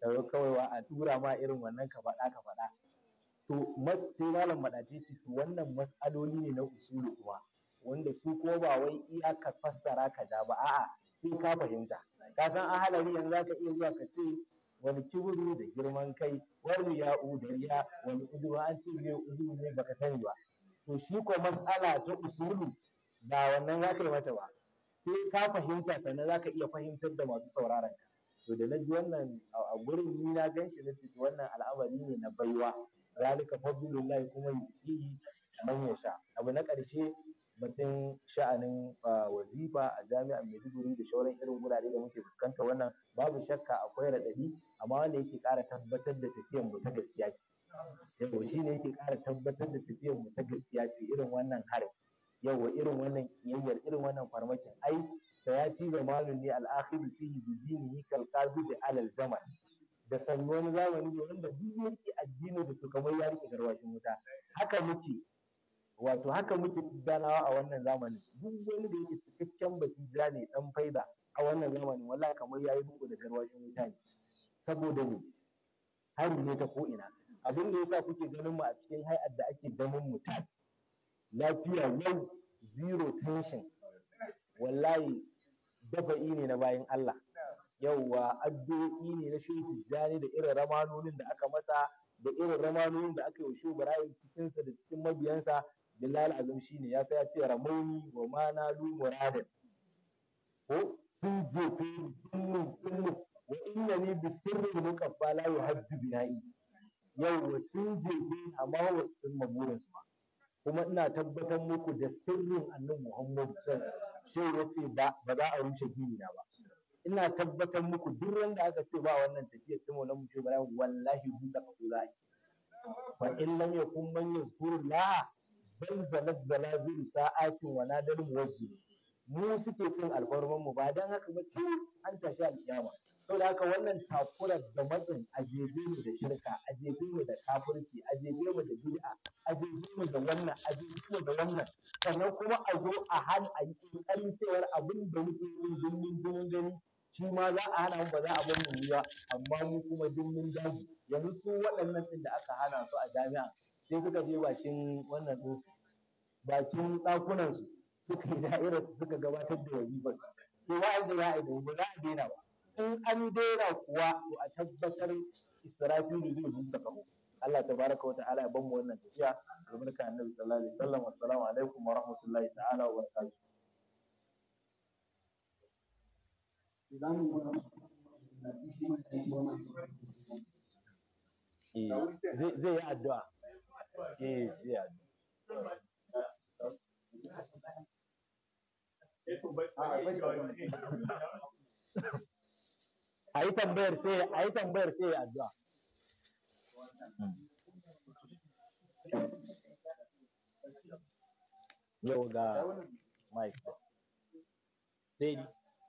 Ta da kawai wa a tura ma irin wannan ka faɗa ka faɗa to sai malam madaci ce to wannan mas'aloli ne na usulu kuma wanda su ko ba wai iya ka fassara ka ja ba a'a sai ka fahimta ka san ahalari yanzu zaka iya zuwa ka ce wani kiburu da girman kai wani ya'u da wani udu an ce ne udu ne baka sani ba to shi ko mas'ala ta usulu ba wannan zaka yi mata ba sai ka fahimta sannan zaka iya fahimtar da masu sauraron ka to da na ji wannan a gurin ni na ganshi na ce wannan al'amari ne na baiwa zalika fadlullahi kuma yuti man sha. abu na ƙarshe batun sha'anin wazifa a jami'ar Maiduguri da shauran irin gurare da muke fuskanta wannan babu shakka akwai raɗaɗi amma wanda yake ƙara tabbatar da tafiyar mu ta gaskiya ce yau shi ne yake ƙara tabbatar da tafiyar mu ta gaskiya ce irin wannan harin yau irin wannan kiyayyar irin wannan farmakin ai sayati zamanun ne al'akhiru fihi bi dinihi kal qabidi alal zaman da wani zamani ne wanda duk ya riƙe da su to kamar ya rike garwashin wuta haka muke wato haka muke tijjanawa a wannan zamanin duk wani da yake cikakken batijja ne dan faida a wannan zamani wallahi kamar yayi bugu da garwashin wuta ne saboda mu hari ne ta ko ina, abin da yasa kuke ganin mu a cikin hay'ar da ake damun mu tas lafiya yau zero tension wallahi dafa'i ne na bayan Allah yawwa addu'o'i ne na shehu tijjani da irin ramanonin da aka masa da irin ramanonin da aka yi wa shehu ibrahim cikinsa da cikin mabiyansa billahi azam ne ya sai ya ce ramoni wa mana lu muradin ko sun ko dukkan sun wa inna ni bi sirri muqaffa la yuhaddu bina'i yawwa sun jefe amma wasu sun maburin su ba kuma ina tabbatar muku da sirrin annabi Muhammad sallallahu alaihi wasallam ya ce ba za a rushe gini ba ina tabbatar muku duk wanda aka ce ba wannan tafiyar ta Maulana Shehu ba wallahi rusa ka kula ake fa in lam yakun man yazkurullah zalzalat zalazil sa'atin wa nadar muwazzil mu suke cin alfarman mu ba dan haka ba tun an tashi alkiyama saboda haka wannan takurar da matsin a jebe mu da shirka a jebe mu da kafirci a jebe mu da bid'a a jebe mu da wannan a jebe da wannan sannan kuma a zo a hal a yi abin da muke yi domin gani shi ma za a hana mu ba za a bar mu ba amma mu kuma duk mun daji yanzu su waɗannan ɗin da aka hana su a jami'a sai suka je bakin wannan ɗin bakin ɗakunan su suka yi da'irar su suka gabatar da wazifa su to a za a yi ba za a daina ba in an daina kuwa to a tabbatar israfilu zai rusa kaho Allah tabaraka wa ta'ala ya bamu wannan tafiya ga barka annabi sallallahu alaihi wasallam assalamu alaikum wa rahmatullahi ta'ala wa barakatuh Eh, zai addu'a eh zai addu'a a yi tambayar sai a yi tambayar sai addu'a hmm. yau ga sai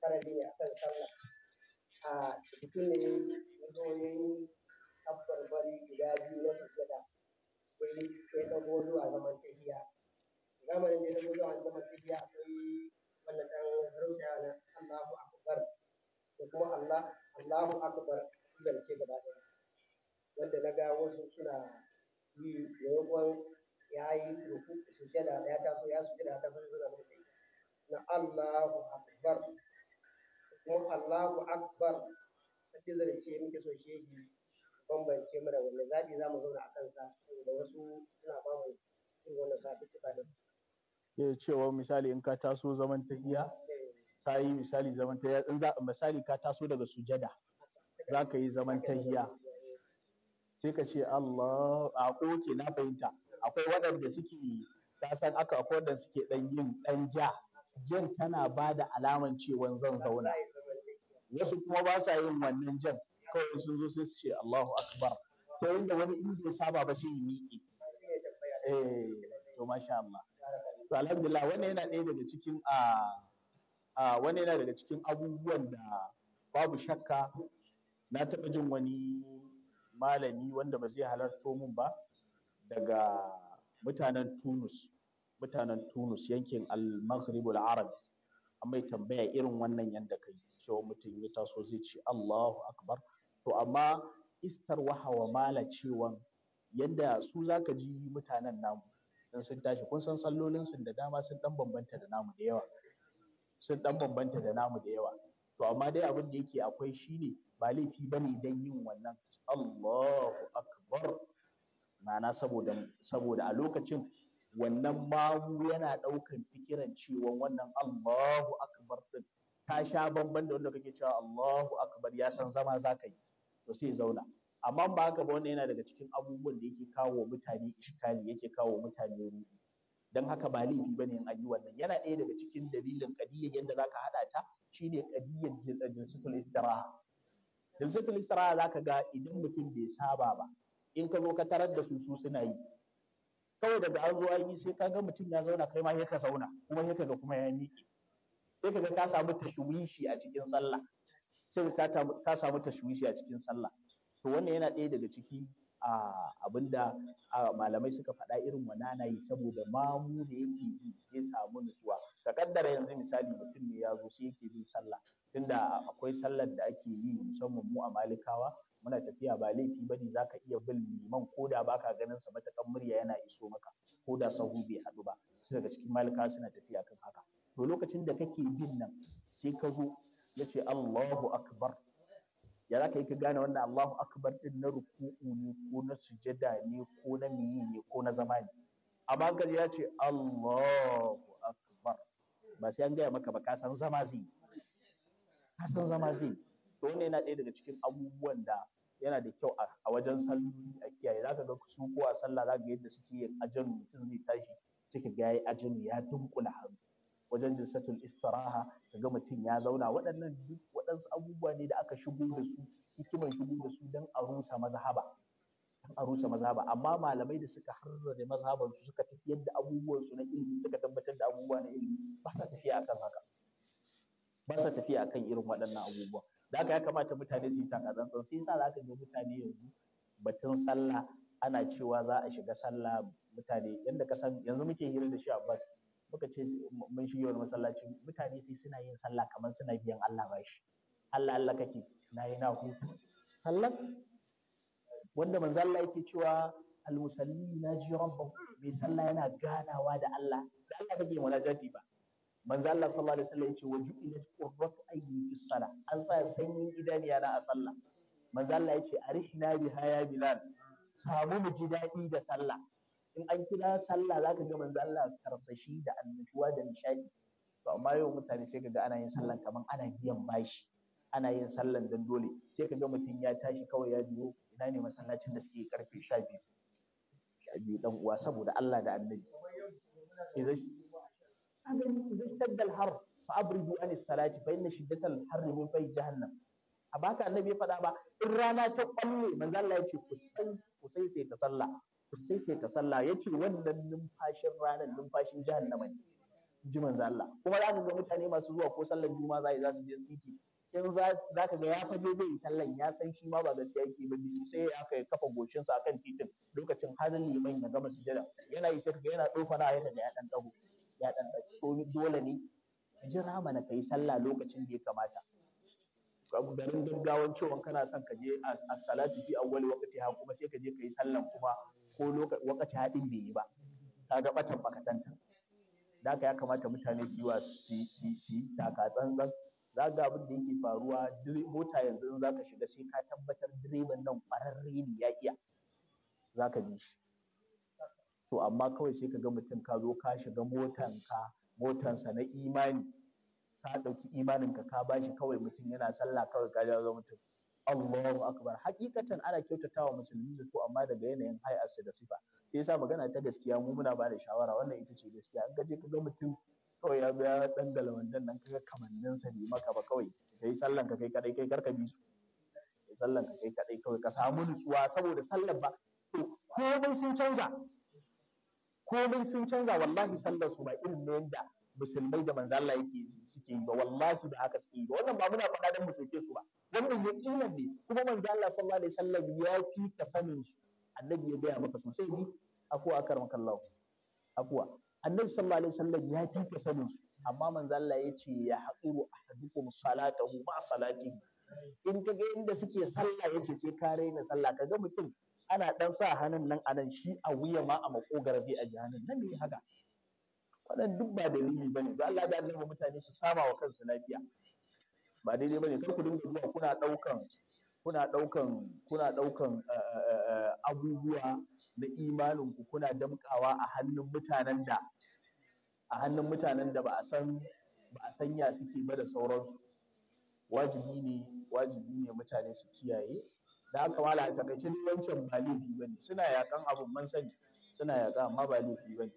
sanadi a kan sallah a bikin ne zoyoyi abbarbari guda biyu na sujjada sai sai dago zuwa zaman tafiya zamanin da ya dago zuwa zaman tafiya akwai wannan dan rubuta na Allahu akbar da kuma Allah Allahu akbar ce gaba ɗaya wanda na ga wasu suna yi maimakon ya yi ruku sujjada ya taso ya sujjada ya taso suna mutai na Allahu akbar kuma Allahu Akbar sai ce muke so shi yake bambance mu da wanda zaɓi za mu zauna a kansa saboda wasu suna ba mu wani wannan zaɓuɓɓuka da ke cewa misali in ka taso zaman tahiya ka yi misali zaman tahiya in za misali ka taso daga sujada za ka yi zaman tahiya sai ka ce Allah a koke na fahimta akwai waɗanda suke ta san aka akwai waɗanda suke ɗan yin ɗan ja jin tana ba da alaman cewa zan zauna wasu kuma ba sa yin wannan jan kawai sun zo sai su ce Allahu akbar to inda wani in bai saba ba sai ya miƙe eh to masha Allah to alhamdulillah wannan yana ɗaya daga cikin a wannan yana daga cikin abubuwan da babu shakka na taɓa jin wani malami wanda ba zai halarto mun ba daga mutanen Tunus mutanen Tunus yankin al-Maghrib al an mai tambaya irin wannan yanda kai kewa mutum ya taso zai ce Allahu akbar to amma istar wahawa mala cewan yadda su zaka ji mutanen namu dan sun tashi kun san sallolin da dama sun dan bambanta da namu da yawa sun dan bambanta da namu da yawa to amma dai abin da yake akwai shine ba laifi bane dan yin wannan Allahu akbar ma'ana saboda saboda a lokacin wannan mamu yana ɗaukan fikiran cewa wannan Allahu akbar din ta sha bamban da wanda kake cewa Allahu akbar ya san zama zaka yi to sai zauna amma ba haka ba wannan yana daga cikin abubuwan da yake kawo mutane iskali yake kawo mutane ruɗi dan haka ba laifi bane in an yi wannan yana ɗaya daga cikin dalilin qadiyyar yadda zaka hada ta shine qadiyyar jinsatul istiraha jinsatul istiraha zaka ga idan mutum bai saba ba in ka zo ka tarar da su su suna yi kawai daga an zo an sai ka ga mutum ya zauna kai ma sai ka zauna kuma sai ka ga kuma ya miƙe sai ka ga ka samu tashwishi a cikin sallah sai ka ka samu tashwishi a cikin sallah to wannan yana ɗaya daga ciki a abinda malamai suka faɗa irin wannan yi saboda mamu da yake yi ya samu nutsuwa ka kaddara yanzu misali mutum ne ya zo sai yake bin sallah tunda akwai sallar da ake yi musamman mu a malikawa muna tafiya ba laifi ba ne za ka iya bin liman ko da ba ka ganin sa matakan murya yana iso maka ko da sahu bai haɗu ba su daga cikin malikawa suna tafiya kan haka to lokacin da kake bin nan sai ka zo ya ce Allahu akbar ya za ka yi ka gane wannan Allahu akbar din na ruku'u ne ko na sujada ne ko na miyi ne ko na zama ne amma ka ya ce Allahu akbar ba sai an gaya maka ba ka san zama zai ka san zama zai to wannan yana ɗaya daga cikin abubuwan da yana da kyau a wajen salloli a kiyaye za ka ga su ko a sallah za ka ga yadda suke yin ajanu mutum zai tashi suka ga yayi ya dunkula hannu wajen jinsatul istiraha ga mutum ya zauna waɗannan duk waɗansu abubuwa ne da aka shigo da su hikimar shigo da su don a rusa mazhaba a rusa mazhaba amma malamai da suka harrare mazhaban su suka tafiyar abubuwan su na ilimi suka tabbatar da abubuwa na ilimi ba sa tafiya akan haka ba sa tafiya akan irin waɗannan abubuwa da haka ya kamata mutane su yi takatsantsan sai sa za ka ga mutane yanzu batun sallah ana cewa za a shiga sallah mutane ka san yanzu muke hira da shi Abbas muka ce mun shige wani masallaci mutane sai suna yin sallah kamar suna biyan Allah shi. Allah Allah kake na yi na hutu sallan wanda manzo Allah yake cewa almusalli na ji rabbahu mai sallah yana ganawa da Allah da Allah kake munajati ba manzo Allah sallallahu alaihi wasallam yace waju'ilat qurratu ayni fi sallah an sa sanyin idaniya na a sallah manzo Allah yace arihna bi haya bilal samu mu ji daɗi da sallah in an kira sallah zaka ga manzo Allah karsashi da annashuwa da nishadi to amma yau mutane sai kaga ana yin sallan kaman ana biyan bashi ana yin sallan dan dole sai kaga mutum ya tashi kawai ya biyo ina ne masallacin da suke karfe 12 biyu dan uwa saboda Allah da annabi idan ishtadda al-har fa abridu an salati fa inna shiddatal har min fi jahannam a baka annabi ya faɗa ba in rana ta kwalle manzo Allah ya ce ku sai ku sai sai ta sallah ku saisaita sallah yace wannan numfashin ranar numfashin jahannama ne ji manzo Allah kuma za ka ga mutane masu zuwa ko sallar juma'a za za su je titi in za ka ga ya faje bai sallan ya san shi ma ba gaskiya yake ba biyu sai ya kai kafa goshin sa akan titin lokacin har liman ya gama sujada yana yi sai yana dofa na yana da ya dan dago ya dan dago dole ne jira mana kai sallah lokacin da ya kamata garin gaggawan cewa kana son ka je a salatu fi awwal waqtiha kuma sai ka je kai sallan kuma ko lokaci haɗin bai yi ba kaga batan bakatanta da ya kamata mutane su yi wa su yi taka tsantsan za ga abin da yake faruwa mota yanzu za ka shiga sai ka tabbatar direban nan ƙwararre ne ya iya za ka bi shi to amma kawai sai ka ga mutum ka zo ka shiga motanka motansa na imani ka ɗauki imaninka ka bashi kawai mutum yana sallah kawai ka jawo mutum Allahu akbar hakikatan ana kyautatawa musulmi zato amma daga yanayin hay'arsa da sifa sai yasa magana ta gaskiya mu muna bada shawara wannan ita ce gaskiya an gaje ka ga mutum kawai ya ga dan galawandan nan kaga kamannin sa bai maka ba kawai kai sallan ka kai kadai kai karka bi su kai sallan ka kai kadai kawai ka samu nutsuwa saboda sallan ba to komai sun canza komai sun canza wallahi sallar su ba irin na yanda musulmai da manzo Allah yake suke yi ba wallahi da haka suke yi ba wannan ba muna faɗa dan mu soke su ba wannan yaqinan ne kuma manzo Allah sallallahu alaihi wasallam ya fi ka sanin su annabi ya gaya maka sosai ni akuwa akarmakallahu akwa annabi sallallahu alaihi wasallam ya fi ka sanin su amma manzo Allah ya ce ya haqiru ahadukum salatahu ma salatihi in ka ga inda suke sallah yake sai ka raina sallah ka ga mutum ana dan sa hannun nan anan shi a wuya ma a makogarafi a jihanin nan ne haka wannan duk ba dalili bane ba Allah ya Allah mutane su sama wa kansu lafiya ba daidai bane kar ku dinga zuwa kuna daukan kuna daukan kuna daukan eh, eh, eh, abubuwa na imanin ku kuna damkawa a hannun mutanen da a hannun mutanen da ba a san ba a sanya suke ba da sauransu wajibi ne wajibi ne mutane su kiyaye da haka mala a wancan ba laifi bane suna yakan abun man sani suna yaka amma ba laifi bane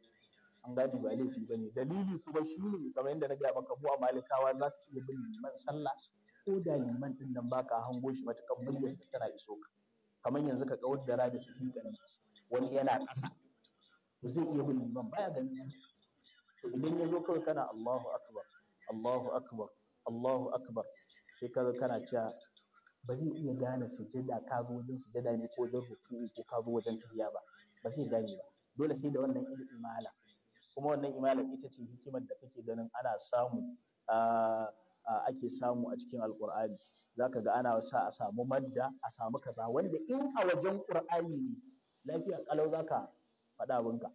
an gane ba laifi ba ne dalili kuma shi ne kamar yadda na gaya maka mu a malikawa za ka iya bin liman sallah ko da liman din nan baka hango shi matakan muryar sa tana iso ka kamar yanzu ka kawar da Rabi su fika nan wani yana ƙasa to zai iya bin liman baya ganin sa to idan ya zo kawai kana Allahu akbar Allahu akbar Allahu akbar sai ka kana cewa ba zai iya gane sujada ka zo wajen sujada ne ko wajen ruku'u ko ka zo wajen tafiya ba ba zai gane ba dole sai da wannan ilmi mala kuma wannan imalar ita ce hikimar da kake ganin ana samu a ake samu a cikin alkur'ani zaka ga ana sa a samu madda a samu kaza wanda in a wajen qur'ani ne lafiya kalau zaka faɗa bunka.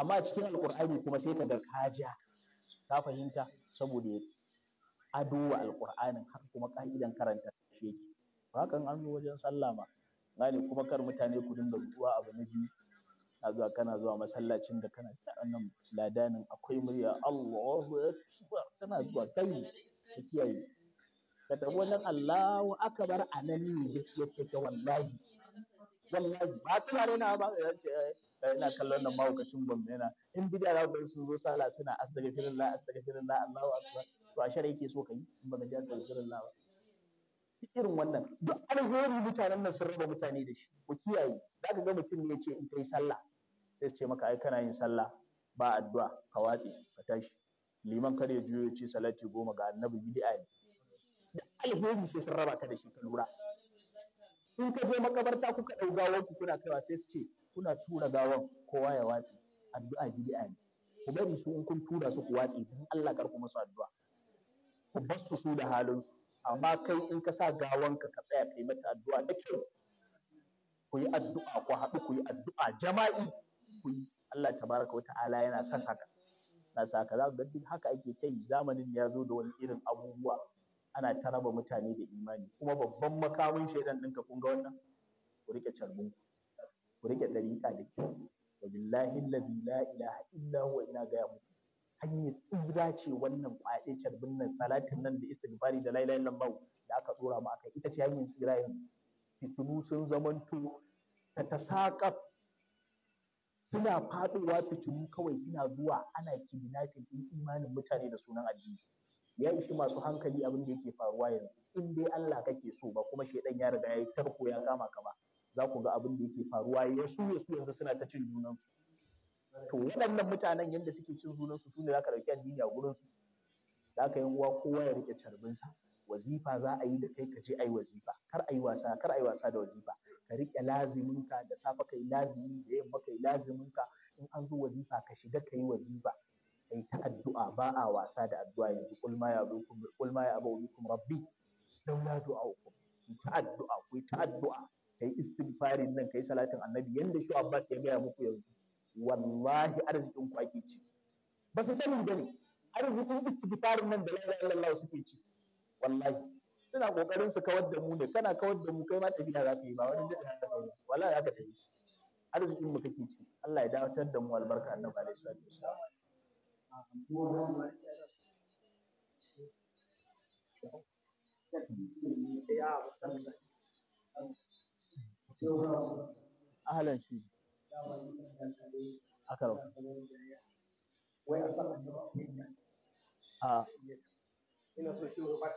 amma a cikin alkur'ani kuma sai ka ga kaja ka fahimta saboda ado wa alkur'anin haka kuma ka'idan karanta shi yake hakan an zo wajen sallama gane kuma kar mutane ku dinga zuwa abu na biyu na zuwa kana zuwa masallacin da kana ta nan ladanin akwai murya Allahu akbar kana zuwa kai ka kiyaye ka tafi wannan Allahu akbar a nan ne gaskiyar take wallahi wallahi ba ta na na ba eh, ina kallon wannan mahaukacin gwamna na in bidiya za ku sun zo sala suna astaghfirullah astaghfirullah Allahu akbar to a shari'a yake so kai in ba ka ji astaghfirullah ba irin wannan duk alheri mutanen nan sun raba mutane da shi ku kiyaye za ka ga mutum ne ya ce in kai sallah sai su ce maka ai kana yin sallah ba addu'a ka watse ka tashi liman kada ya juyo ya salati goma ga annabi bid'a ne da alheri sai sun raba ka da shi ka lura in ka je makabarta kuka ɗau gawar ku kuna kaiwa sai su ce kuna tura gawon kowa ya watse addu'a bid'a ne ku bari su in kun tura su ku watse don Allah kar ku musu addu'a ku bar su su da halin su amma kai in ka sa gawanka ka tsaya kai mata addu'a da kyau ku yi addu'a ku haɗu ku yi addu'a jama'i ku yi Allah tabaraka wa ta'ala yana son haka na saka za ga duk haka ake ta yi zamanin ya zo da wani irin abubuwa ana ta raba mutane da imani kuma babban makamin shaidan ɗinka kun ga wannan ku rike carbin ku rike ɗariƙa da kyau wa billahi la ilaha illa huwa ina gaya muku hanyar tsira ce wannan kwaɗe carbin nan salatin nan da istighfari da nan lambau da aka tsora ma akai ita ce hanyar tsira yanzu fitilu sun zamanto ta tasaƙaf suna faɗowa fitilu kawai suna zuwa ana kidnapping ɗin imanin mutane da sunan addini ya ishi masu hankali abin da yake faruwa yanzu in dai Allah kake so ba kuma shedan ya riga ya tarko ya kama ka ba za ku ga abin da yake faruwa ya su yanzu suna ta cin junansu to waɗannan mutanen yadda suke cin sunan su sune zaka dauki addini a gurin su zaka yi uwa kowa ya rike carbin sa wazifa za a yi da kai ka je ai wazifa kar ai wasa kar ai wasa da wazifa ka rike lazimin ka da safa kai lazimi da yamma kai lazimin ka in an zo wazifa ka shiga kai wazifa kai ta addu'a ba a wasa da addu'a yanzu kul ma ya abukum kul ma ya abukum rabbi laula du'a'ukum ta addu'a ku ta addu'a kai istighfarin nan kai salatin annabi yanda shi Abbas ya ga muku yanzu wallahi arzikin ku ake ci ba su sani bane arzikin istighfarin nan da la ilaha illallah suke ci wallahi suna kokarin su kawar da mu ne kana kawar da mu kai ma tafiya za ka yi ba wani da wallahi haka tafi arzikin mu kake ci Allah ya dawatar da mu albarka annabi alaihi salatu wassalam أهلا akarau a ina shi ba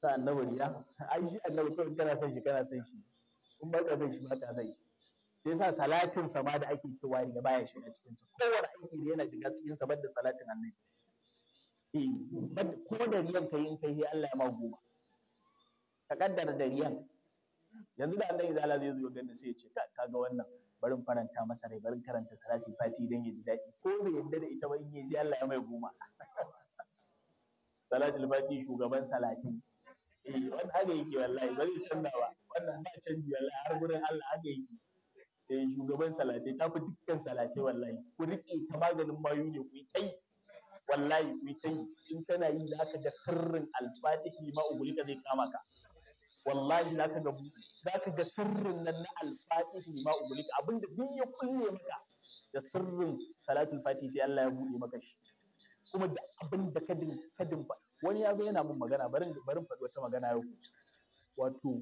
ta annabi riya ai shi annabi kawai kana son shi kana son shi in ba ka son shi ba ka son shi sai sa salatin sa ma da ake cewa ya baya shiga cikin sa kowane aiki da yana shiga cikin sa banda salatin annabi eh ko da riyan kai in kai sai Allah ya ma goma ka kaddara da riyan yanzu da annabi zala zai zo ganin sai ya ce ka ga wannan barin faranta masa rai barin karanta salati fati dan ya ji daɗi ko bai yadda da ita ba in ji Allah ya mai goma salatul fati shugaban salati eh wannan haka yake wallahi ba zai canza ba wannan ba canji wallahi har gurin Allah haka yake eh shugaban salati ta fi dukkan salati wallahi ku rike ta maganin mayu ne ku yi tai wallahi ku yi tai in kana yi za ka da sirrin alfatihi ma ubulika zai kama ka wallahi zaka ga zaka ga sirrin nan na al-fatih ma ubulika abinda duk ya kulle maka da sirrin salatul fatih sai Allah ya bude maka shi kuma da abinda ka din ka din wani ya zo yana min magana barin barin faɗi wata magana yau wato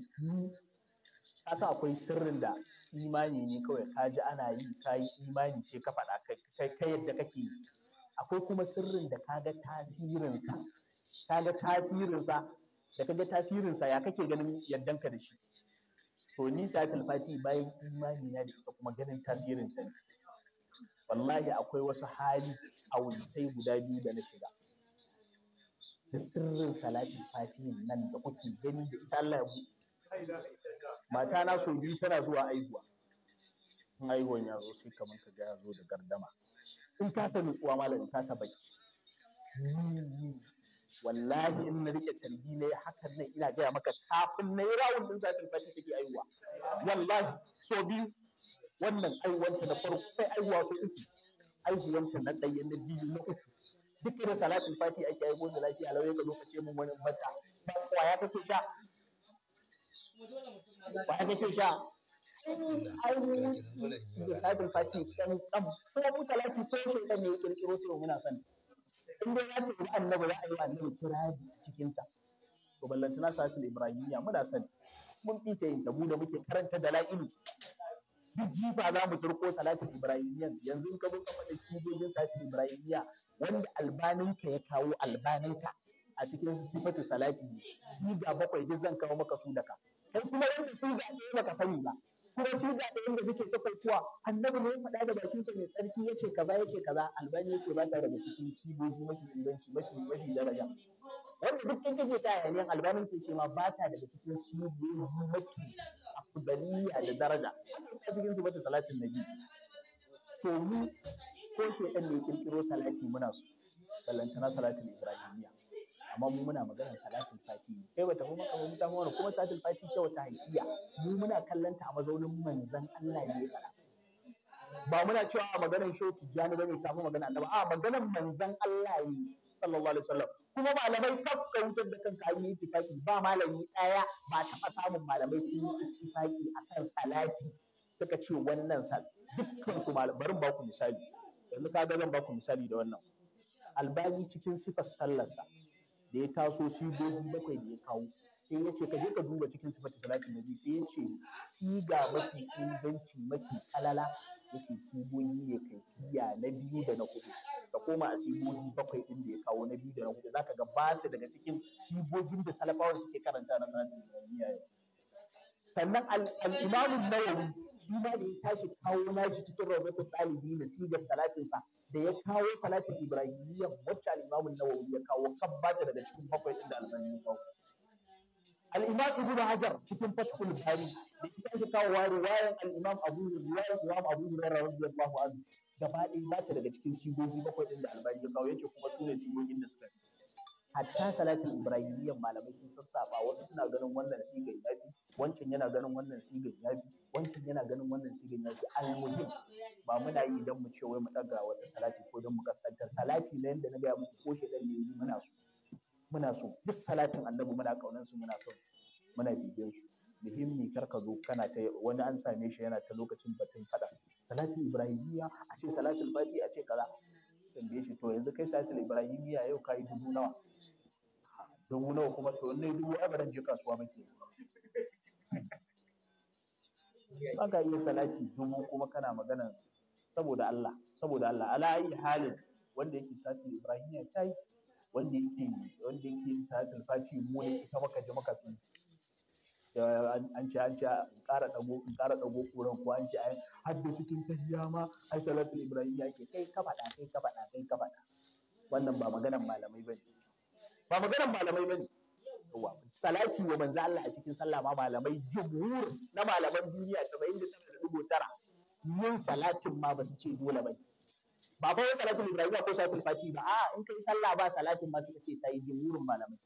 ka sa akwai sirrin da imani ne kawai ka ji ana yi ka imani ce ka faɗa kai kai yadda kake yi akwai kuma sirrin da ka ga tasirinsa ka ga tasirinsa da kaga tasirin sa ya kake ganin yardan ka da shi to ni salatul fati bayan imani na da ita kuma ganin tasirin ta wallahi akwai wasu hali a sai guda biyu da na shiga da sirrin salatul fati nan da kuke gani da ita Allah ya mata na so biyu tana zuwa aihuwa in aihuwan ya zo sai kamar ka ga ya zo da gardama in kasa nutsuwa malam in kasa bacci wallahi in na rike tarbi ne hakan nan ina gaya maka kafin na yi rawun din zafin fata take aiwa wallahi so biyu wannan aiwanta na farko sai aiwa sai uku aiwanta na ɗaya na biyu na uku duk irin salatin fati ake aiwo da lafiya lauye ka lokaci mun wani mata ba kwaya kake sha kwaya kake sha aiwo da salatin fati kan kan ko mutalaki ko shi ne ya kirkiro shi muna sani in dai za ta annabi za a yi annabi kirari a cikinta to ballantana salatul ibrahimiyya muna sani mun fi yin mu da muke karanta dala'ilu duk jifa za mu turko salatul ibrahimiyya yanzu in ka buka faɗin faɗa sifofin salatul ibrahimiyya wanda albaninka ya kawo albaninka a cikin sifatu salati siga bakwai duk zan kawo maka su da ka kai kuma wanda siga ɗaya sani ba kuma sun ga ɗayan da suke ta kuwa annabi ne ya faɗa da bakinsa mai tsarki ya ce kaza ya ce kaza albani ya ce ba ta daga cikin cibiyoyi mafi inganci mafi mafi daraja wanda duk in kake ta yayin albanin ke ce ma ba ta daga cikin cibiyoyi mafi afdaliya da daraja ta cikin su bata salatin nabi to mu ko ke ɗan ne kirkiro salati muna so ballantana salatin ibrahimiyya amma mu muna maganar salatul fati kai bata fi maka mu kuma salatul fati ta ta haisiya mu muna kallon ta a mazaunin manzon Allah ne ba muna cewa a maganar shoki tijjani bane ta fi magana annabi a maganar manzon Allah ne sallallahu alaihi wasallam kuma malamai kaf ka wutar da kanka an yi ba malami daya ba taɓa samun malamai sun yi ittifaki akan salati suka ce wannan sal dukkan malamai barin ba ku misali yanzu ka ga zan ba ku misali da wannan albani cikin sifar sallarsa da ya taso sigogi bakwai da ya kawo sai ya ce ka je ka duba cikin sifatu da nabi sai ya ce siga mafi inganci mafi kalala yake sigogi ne kaifiya na biyu da na hudu ka koma a sigogi bakwai din da ya kawo na biyu da na hudu zaka ga ba su daga cikin sigogin da salafawa suke karanta na salatin nabi sannan al-imamu nawawi shi ma da ya tashi kawo nashi cikin rawatul talibi na sigar salatin sa da ya kawo salatin ibrahimiyya wacce al-imam an-nawawi ya kawo kan bata daga cikin bakwai din da al-albani ya kawo al-imam ibn hajar cikin fathul bari da ita shi kawo wa riwayan al-imam abu riwayan imam abu hurairah radiyallahu anhu gaba ɗaya bata daga cikin sigogi bakwai din da al-albani ya kawo yake kuma sune sigogin da suka yi hatta salatin ibrahimiyyan malamai sun sassafa wasu suna ganin wannan sigan yafi wancan yana ganin wannan sigan yafi wancan yana ganin wannan sigan yafi almuhim ba muna yi idan mu ce wai mu daga wata salati ko don mu kasantar salati na yanda na ga muku ko dan ne muna so muna so duk salatin annabi muna kaunan su muna so muna bibiyan su muhimmi kar ka zo kana ta wani an same shi yana ta lokacin batun fada salatin ibrahimiyya a ce salatul fati a ce kaza tambaye shi to yanzu kai salatin ibrahimiyya yau kai dubu nawa dubu nawa kuma to ne dubu ai ba je kasuwa ba ke ba ka iya salati dubu kuma kana magana saboda Allah saboda Allah ala ayi halin wanda yake sati Ibrahim ya tai wanda yake wanda yake sati Fati mu ne ita maka je maka tun an ci an ce ƙara dago ƙara dago kuran ko an ce ai hadda cikin tahiyya ma ai salatu Ibrahim ya ke kai ka faɗa kai ka faɗa kai ka faɗa wannan ba maganan malamai ba ne. ba maganar malamai bane salati wa manzo Allah a cikin sallah ma malamai jumhur na malaman duniya 99.9 yin salatin ma ba su ce dole bane ba ba wai salatin ibrahim ko salatin fati ba a in kai sallah ba salatin ma suka ce tayi jumhurin malamai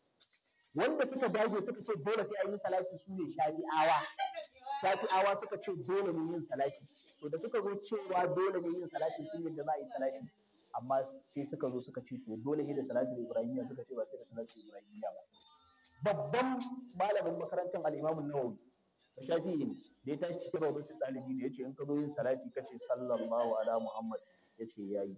wanda suka dage suka ce dole sai an yi salati su ne shafi'awa shafi'awa suka ce dole ne yin salati to da suka zo cewa dole ne yin salati sun yadda za a yi salati amma sai suka zo suka ce to dole ne da salatul ibrahimiyya suka ce ba sai da salatul ibrahimiyya ba babban malamin makarantar al-imam an-nawawi shafi'i ne da ya tashi cikin rawatul talibi ne yace in ka zo yin salati kace sallallahu ala muhammad yace yayi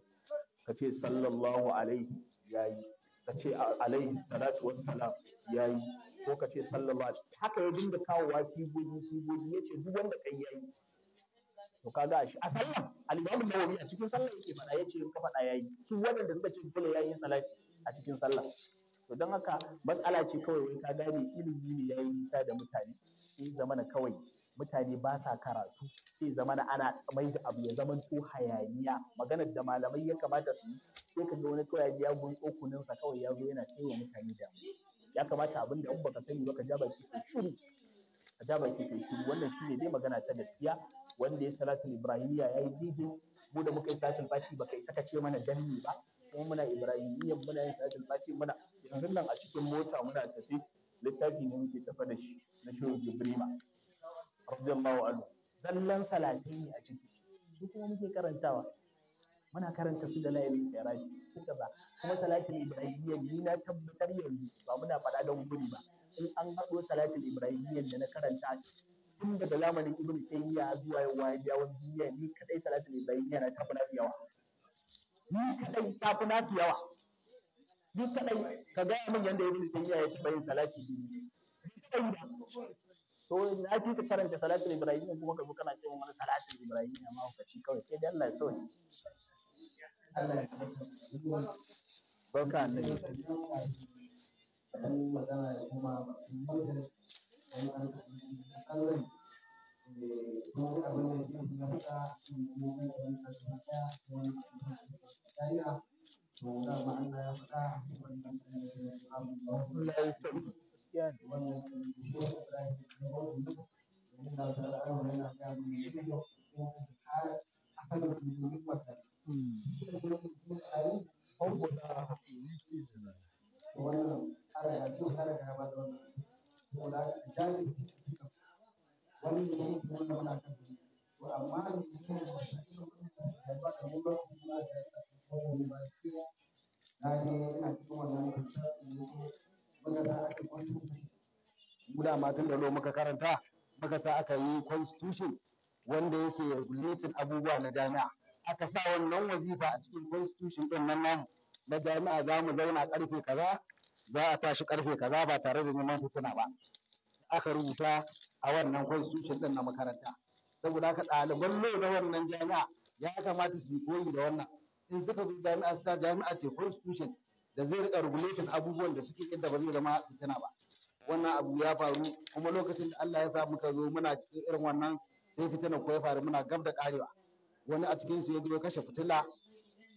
kace sallallahu alaihi yayi kace alaihi salatu wassalam yayi ko kace sallallahu haka ya dinga kawowa sigogi sigogi yace duk wanda kai yayi to kaga shi a sallah al-imam nawawi a cikin sallah yake faɗa yace in ka faɗa yayi su waɗanda suka ce dole yi salati a cikin sallah to don haka matsala ce kawai wai ka gane ilimi ne yayi nisa da mutane sai zamana kawai mutane ba sa karatu sai zamana ana mai da abu ya zama to hayaniya maganar da malamai ya kamata su yi sai ka ga wani kawai ya gun tsokuninsa kawai ya zo yana wa mutane da ya kamata abin da in baka sani ba ka ja baki shiru Ka ja baki kai shiru wannan shine dai magana ta gaskiya wanda ya salatul ibrahimiyya ya yi didin mu da muka yi salatul fati baka isa ka ce mana danni ba kuma muna ibrahimiyya muna yin salatul fati muna yanzu nan a cikin mota muna tafi littafi ne muke tafa da shi na shehu jibrima radiyallahu anhu zallan salati ne a ciki su kuma muke karantawa muna karanta su da layin kiraji suka ba kuma salatul ibrahimiyya ni na tabbatar yanzu ba muna faɗa don guri ba in an haɗo salatul ibrahimiyya da na karanta tun daga zamanin ibn taymiya zuwa yau wani yawon duniya ni kadai salatu ne bai yana tafi nasu yawa ni kadai tafi nasu yawa ni kadai ka ga min yanda ibn taymiya ya taba yin salati ni kadai to na fi ka karanta Salatu ibrahim kuma ka zo kana cewa wani Salatu ibrahim amma ka ci kawai sai dai Allah ya sauke Allah ya wannan ana da kyau ta riga ya saboda muna amma kuma da na muka matan da lo muka karanta muka sa aka yi constitution wanda yake regulating abubuwa na jami'a aka sa wannan wazifa a cikin constitution din nan na jami'a za mu zauna karfe kaza za a tashi karfe kaza ba tare da neman fitina ba aka rubuta a wannan constitution din na makaranta saboda haka ɗaliban ne na wannan jami'a ya kamata su yi koyi da wannan in suka zo jami'a ta jami'a ce constitution da zai riƙa regulating abubuwan da suke yadda ba zai zama fitina ba wannan abu ya faru kuma lokacin da Allah ya sa muka zo muna cikin irin wannan sai fitinar ko ya faru muna gab da karewa wani a cikin su ya zo kashe fitila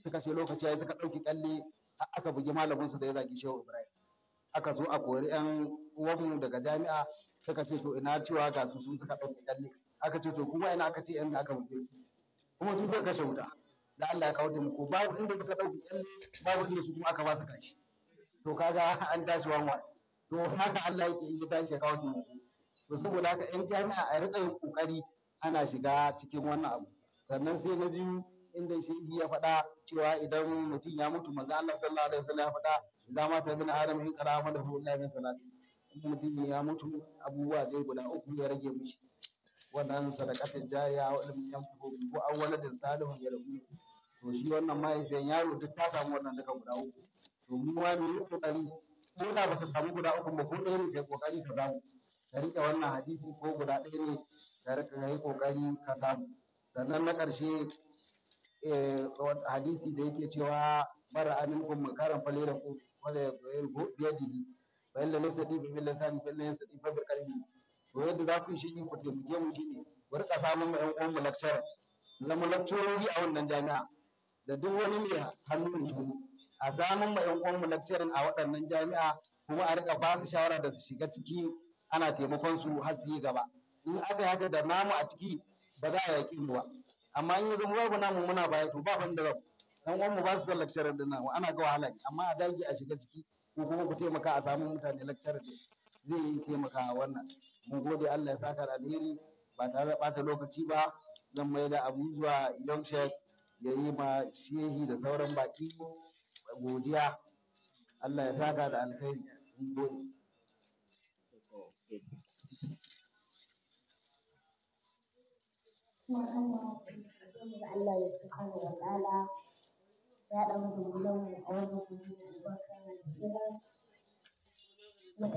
suka ce lokaci ya suka ɗauki kalle aka bugi malamin su da ya zaki Shehu Ibrahim aka zo a kori yan uwanmu daga jami'a suka ce to ina cewa ga su sun suka ɗauki kyalle aka ce to kuma ina aka ce yan da aka muke kuma su suka kashe wuta da Allah ya kawo taimako babu inda suka ɗauki kyalle babu inda su kuma aka ba su kashi to kaga an tashi wanwa to haka Allah yake yi tashi ya kawo muku to saboda haka yan jami'a a riƙa yin ƙoƙari ana shiga cikin wannan abu sannan sai na biyu inda shi ya faɗa cewa idan mutum ya mutu manzo Allah sallallahu alaihi wasallam ya faɗa dama ta bin adam in qara da illa min salati in mutum ya mutu abubuwa dai guda uku ya rage mishi wannan sadakatin jariya wa ilmin yanfuhu ko an waladin salihun ya rabu to shi wannan mahaifiyan yaro duk ta samu wannan duka guda uku to mu wani yi kokari ko da ta samu guda uku ba ko ɗaya ne kai kokari ka samu ka riƙe wannan hadisi ko guda ɗaya ne ka riƙe yi kokari ka samu sannan na ƙarshe eh, hadisi da yake cewa mara aminkum makaran fale da ku wala yarbu biyadihi fa illa yastati bi bil lisan fa illa yastati fa bil qalbi to yadda za ku shi ne ku taimake mu shi ne ku rika samun mu ƴan uwan mu lecturer zama lecturori a wannan jami'a da duk wani mai hannu ne a samun mu ƴan uwan mu lecturer a waɗannan jami'a kuma a rika ba su shawara da su shiga ciki ana taimakon su har su yi gaba in aka haka da namu a ciki ba za a yaƙi mu ba amma in yanzu babu namu muna baya to ba ban da rabu ɗan uwan mu ba su san lecturer din nan ana ga wahala ne amma a dage a shiga ciki ko kuma ku taimaka a samu mutane lecturer din zai yi taimaka a wannan mun gode Allah ya saka da alheri ba tare da bata lokaci ba zan mai da abu zuwa young chef ya yi ma shehi da sauran baki godiya Allah ya saka da alheri mun gode Allah ya subhanahu wa ta'ala ya ɗan dungulan mu a wannan wuri da da suka yi Ni wanda muka ji ana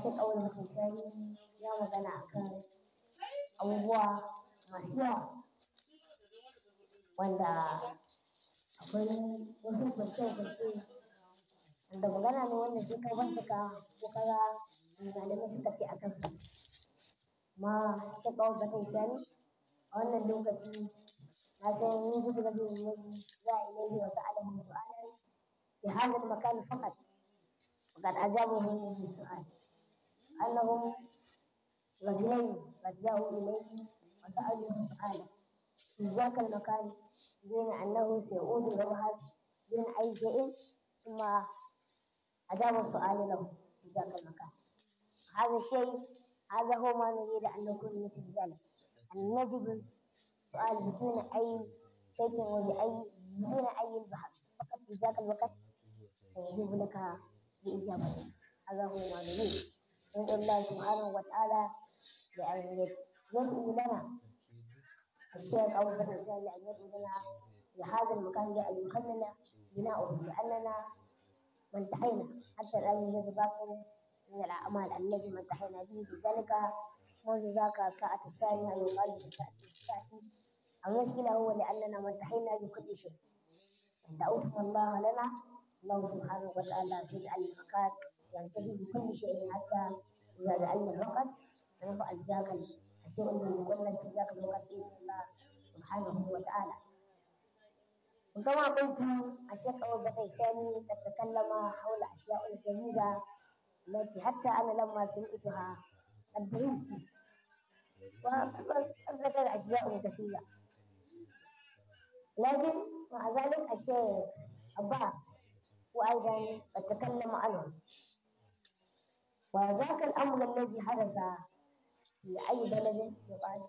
shi ƙaunar Hansari ya magana kan abubuwa masu yawa wanda akwai wasu kwance-kwance wanda magana ne wanda sai ka bincika ko kaga malamai suka ce a kansu. ما شكاو بكي ثاني وانا اللوكتي عشان يوجد الذي جاء اليه وساله سؤالا في هذا المكان فقط وقد اجابه بالسؤال انهم رجلين قد جاءوا اليه وسالوه سؤالا في ذاك المكان بين انه سيعود للرهاز دون اي شيء ثم اجاب السؤال له في ذاك المكان هذا الشيء هذا هو ما نريد أن نكون مثل ذلك أن نجد السؤال بدون أي شيء وبأي بدون أي البحث فقط في ذاك الوقت سيجيب لك بإجابة هذا هو ما نريد من الله سبحانه وتعالى لأن يدعو لنا الشيخ أو بن حسين لأن يدعو لنا لهذا المكان لأن يخلنا بناؤه لأننا ما انتهينا حتى الآن يجب باقي من الأعمال التي مدحنا به بذلك منذ ذاك الساعة الثانية يقال بالتأتي المشكلة هو لأننا مدحنا بكل شيء دعوتم الله لنا الله سبحانه وتعالى تجعل الوقت ينتهي بكل شيء حتى إذا جعلنا الوقت نفعل ذاك الشيء الذي قلنا في ذاك الوقت بإذن الله سبحانه وتعالى وكما قلت الشيخ أبو بكر الثاني تتكلم حول أشياء جديدة التي حتى أنا لما سمعتها أدهمت وذكر أشياء كثيرة لكن مع ذلك الشيخ عباس وأيضا أتكلم عنه وذاك الأمر الذي حدث في أي بلد يقال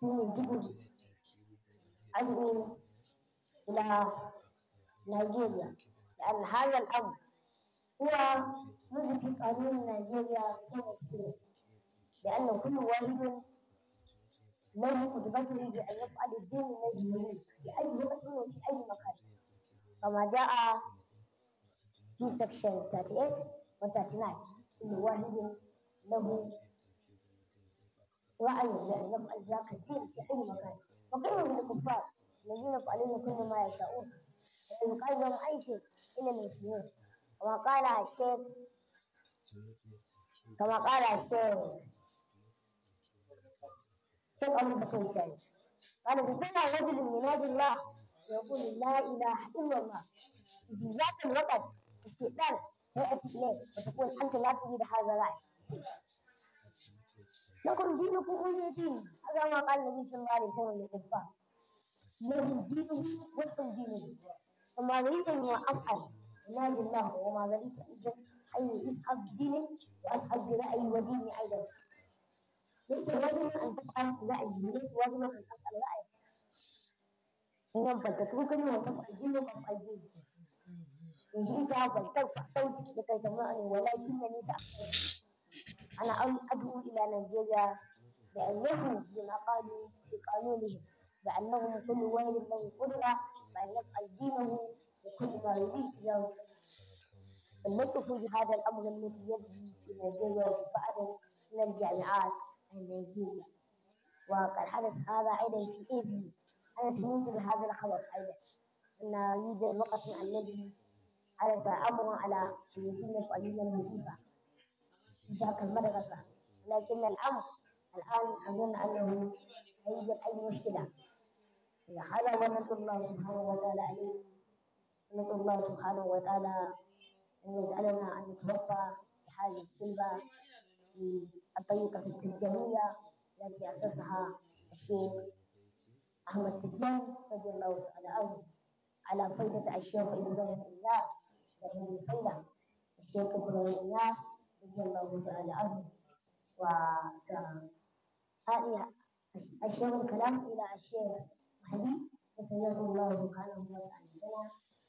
في جبل أجمل إلى نيجيريا لأن هذا الأمر هو في قانون نيجيريا كمثير لأن كل واحد له قدرته بأن يفعل الدين الذي في أي وقت وفي أي مكان كما جاء في سكشن 38 و 39 كل واحد له رأي بأن يفعل ذاك الدين في أي مكان وكلهم من الكفار الذين يفعلون كل ما يشاءون ويقيم أي شيء إلى المسلمين كما قال الشيخ كما قال الشيخ شيخ أبو بكر السعيد قال استمع رجل ينادي الله يقول لا إله إلا الله في ذات الوقت الشيطان سيأتي إليه وتقول أنت لا تريد هذا الرأي لكم دينكم ولي دين هذا ما قال النبي صلى الله عليه وسلم للكفار لهم دينهم ولكم دينهم ثم ليس هو أسأل نادي الله وما ذلك إذا أي إسحاق ديني وأسحاق رأي وديني أيضا ليس واجبا أن تسأل رأيي ليس واجبا أن أسأل رأيك إنهم قد وتبقى الجن وتبقى الجن إن جئت فلترفع صوتك لكي تمنعني ولكنني سأخرج أنا أدعو إلى نيجيريا بأن يخرج بما قالوا في قانونهم بأنهم كل والد له قدرة بأن يبقى دينه كل ما يريد النقف بهذا الأمر الذي يجري في نيجيريا وفي بعض من الجامعات النيجيرية وقد حدث هذا أيضا في ايدي انا سمعت بهذا الخبر أيضا أن يوجد وقت الذي حدث أمر على اليتيم قليلا وظيفة في ذاك المدرسة لكن الأمر الآن أظن أنه لا يوجد أي مشكلة هذا ونسأل الله سبحانه وتعالى عليه ندعو الله سبحانه وتعالى أن يجعلنا أن نتوفى بهذه السلبة الطريقة التجارية التي أسسها الشيخ أحمد تجان رضي الله تعالى عنه على فائدة الشيخ ابن إبراهيم الله رحمه الفيلة الشيخ إبراهيم الله رضي الله تعالى عنه وهذه الشيخ الكلام إلى الشيخ مهدي يسير الله سبحانه وتعالى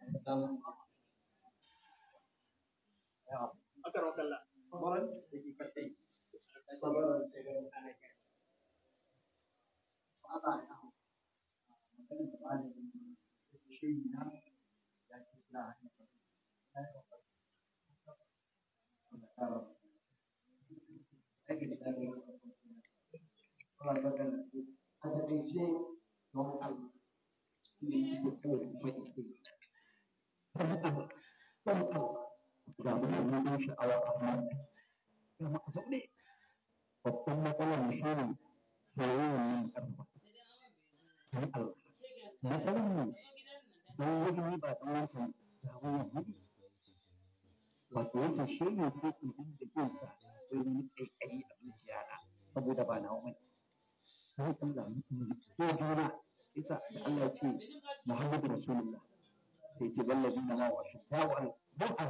Kalau kita ada di sini, mau ga sha'awa a hannun a zaune babban matsalar shi ne soyayyar nan karfa dan Allah matsalar mu ba wancan yi wato wancan shi ne sai in da jin sa kai a zuciyana saboda ba na wani sai juna isa da Allah ya ce Muhammadu Rasulullah sai ce wallazi na mawa shi da'u don a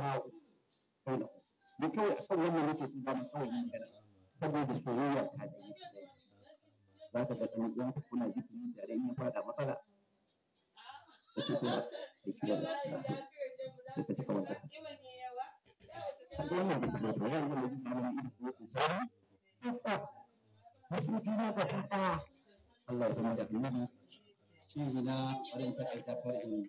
da kai a kan wannan nake sun ba mu kawai yin gana saboda soyayya ta da yi za ka ga ɗan uwan ka kuna jikiri tare in ba da matsala ka ce kuma da kira da nasu da ka cika wanda a ga wannan da kuma da yawan wanda yin malamin irin ko insani ga Allah ya kuma da duniya shi na barin takaita kar in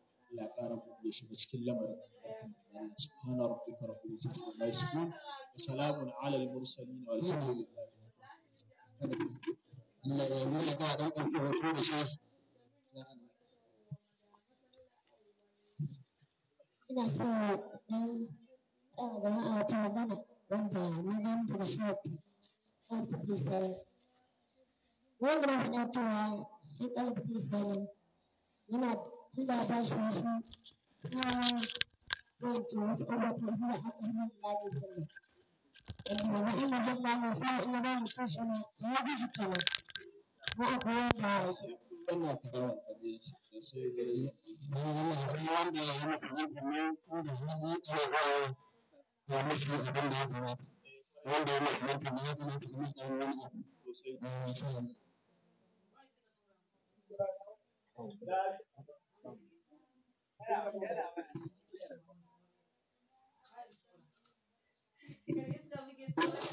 Allah ya ƙara buɗe shi cikin lamarin barkan da Allah subhana rabbika rabbil izzati amma yasifun wa salamun ala al mursalin walhamdulillah Allah ya nuna ba dan ɗauki hoto da shi ina so dan tsaya jama'a ta magana wanda na gan daga shafi shafi israel wanda na faɗa cewa shi ƙarfi israel yana ina ba shi wasu kawo zan ce wasu ƙarfafa biyu a ƙarfin lafi ba ko ba ko Thank you. Gracias.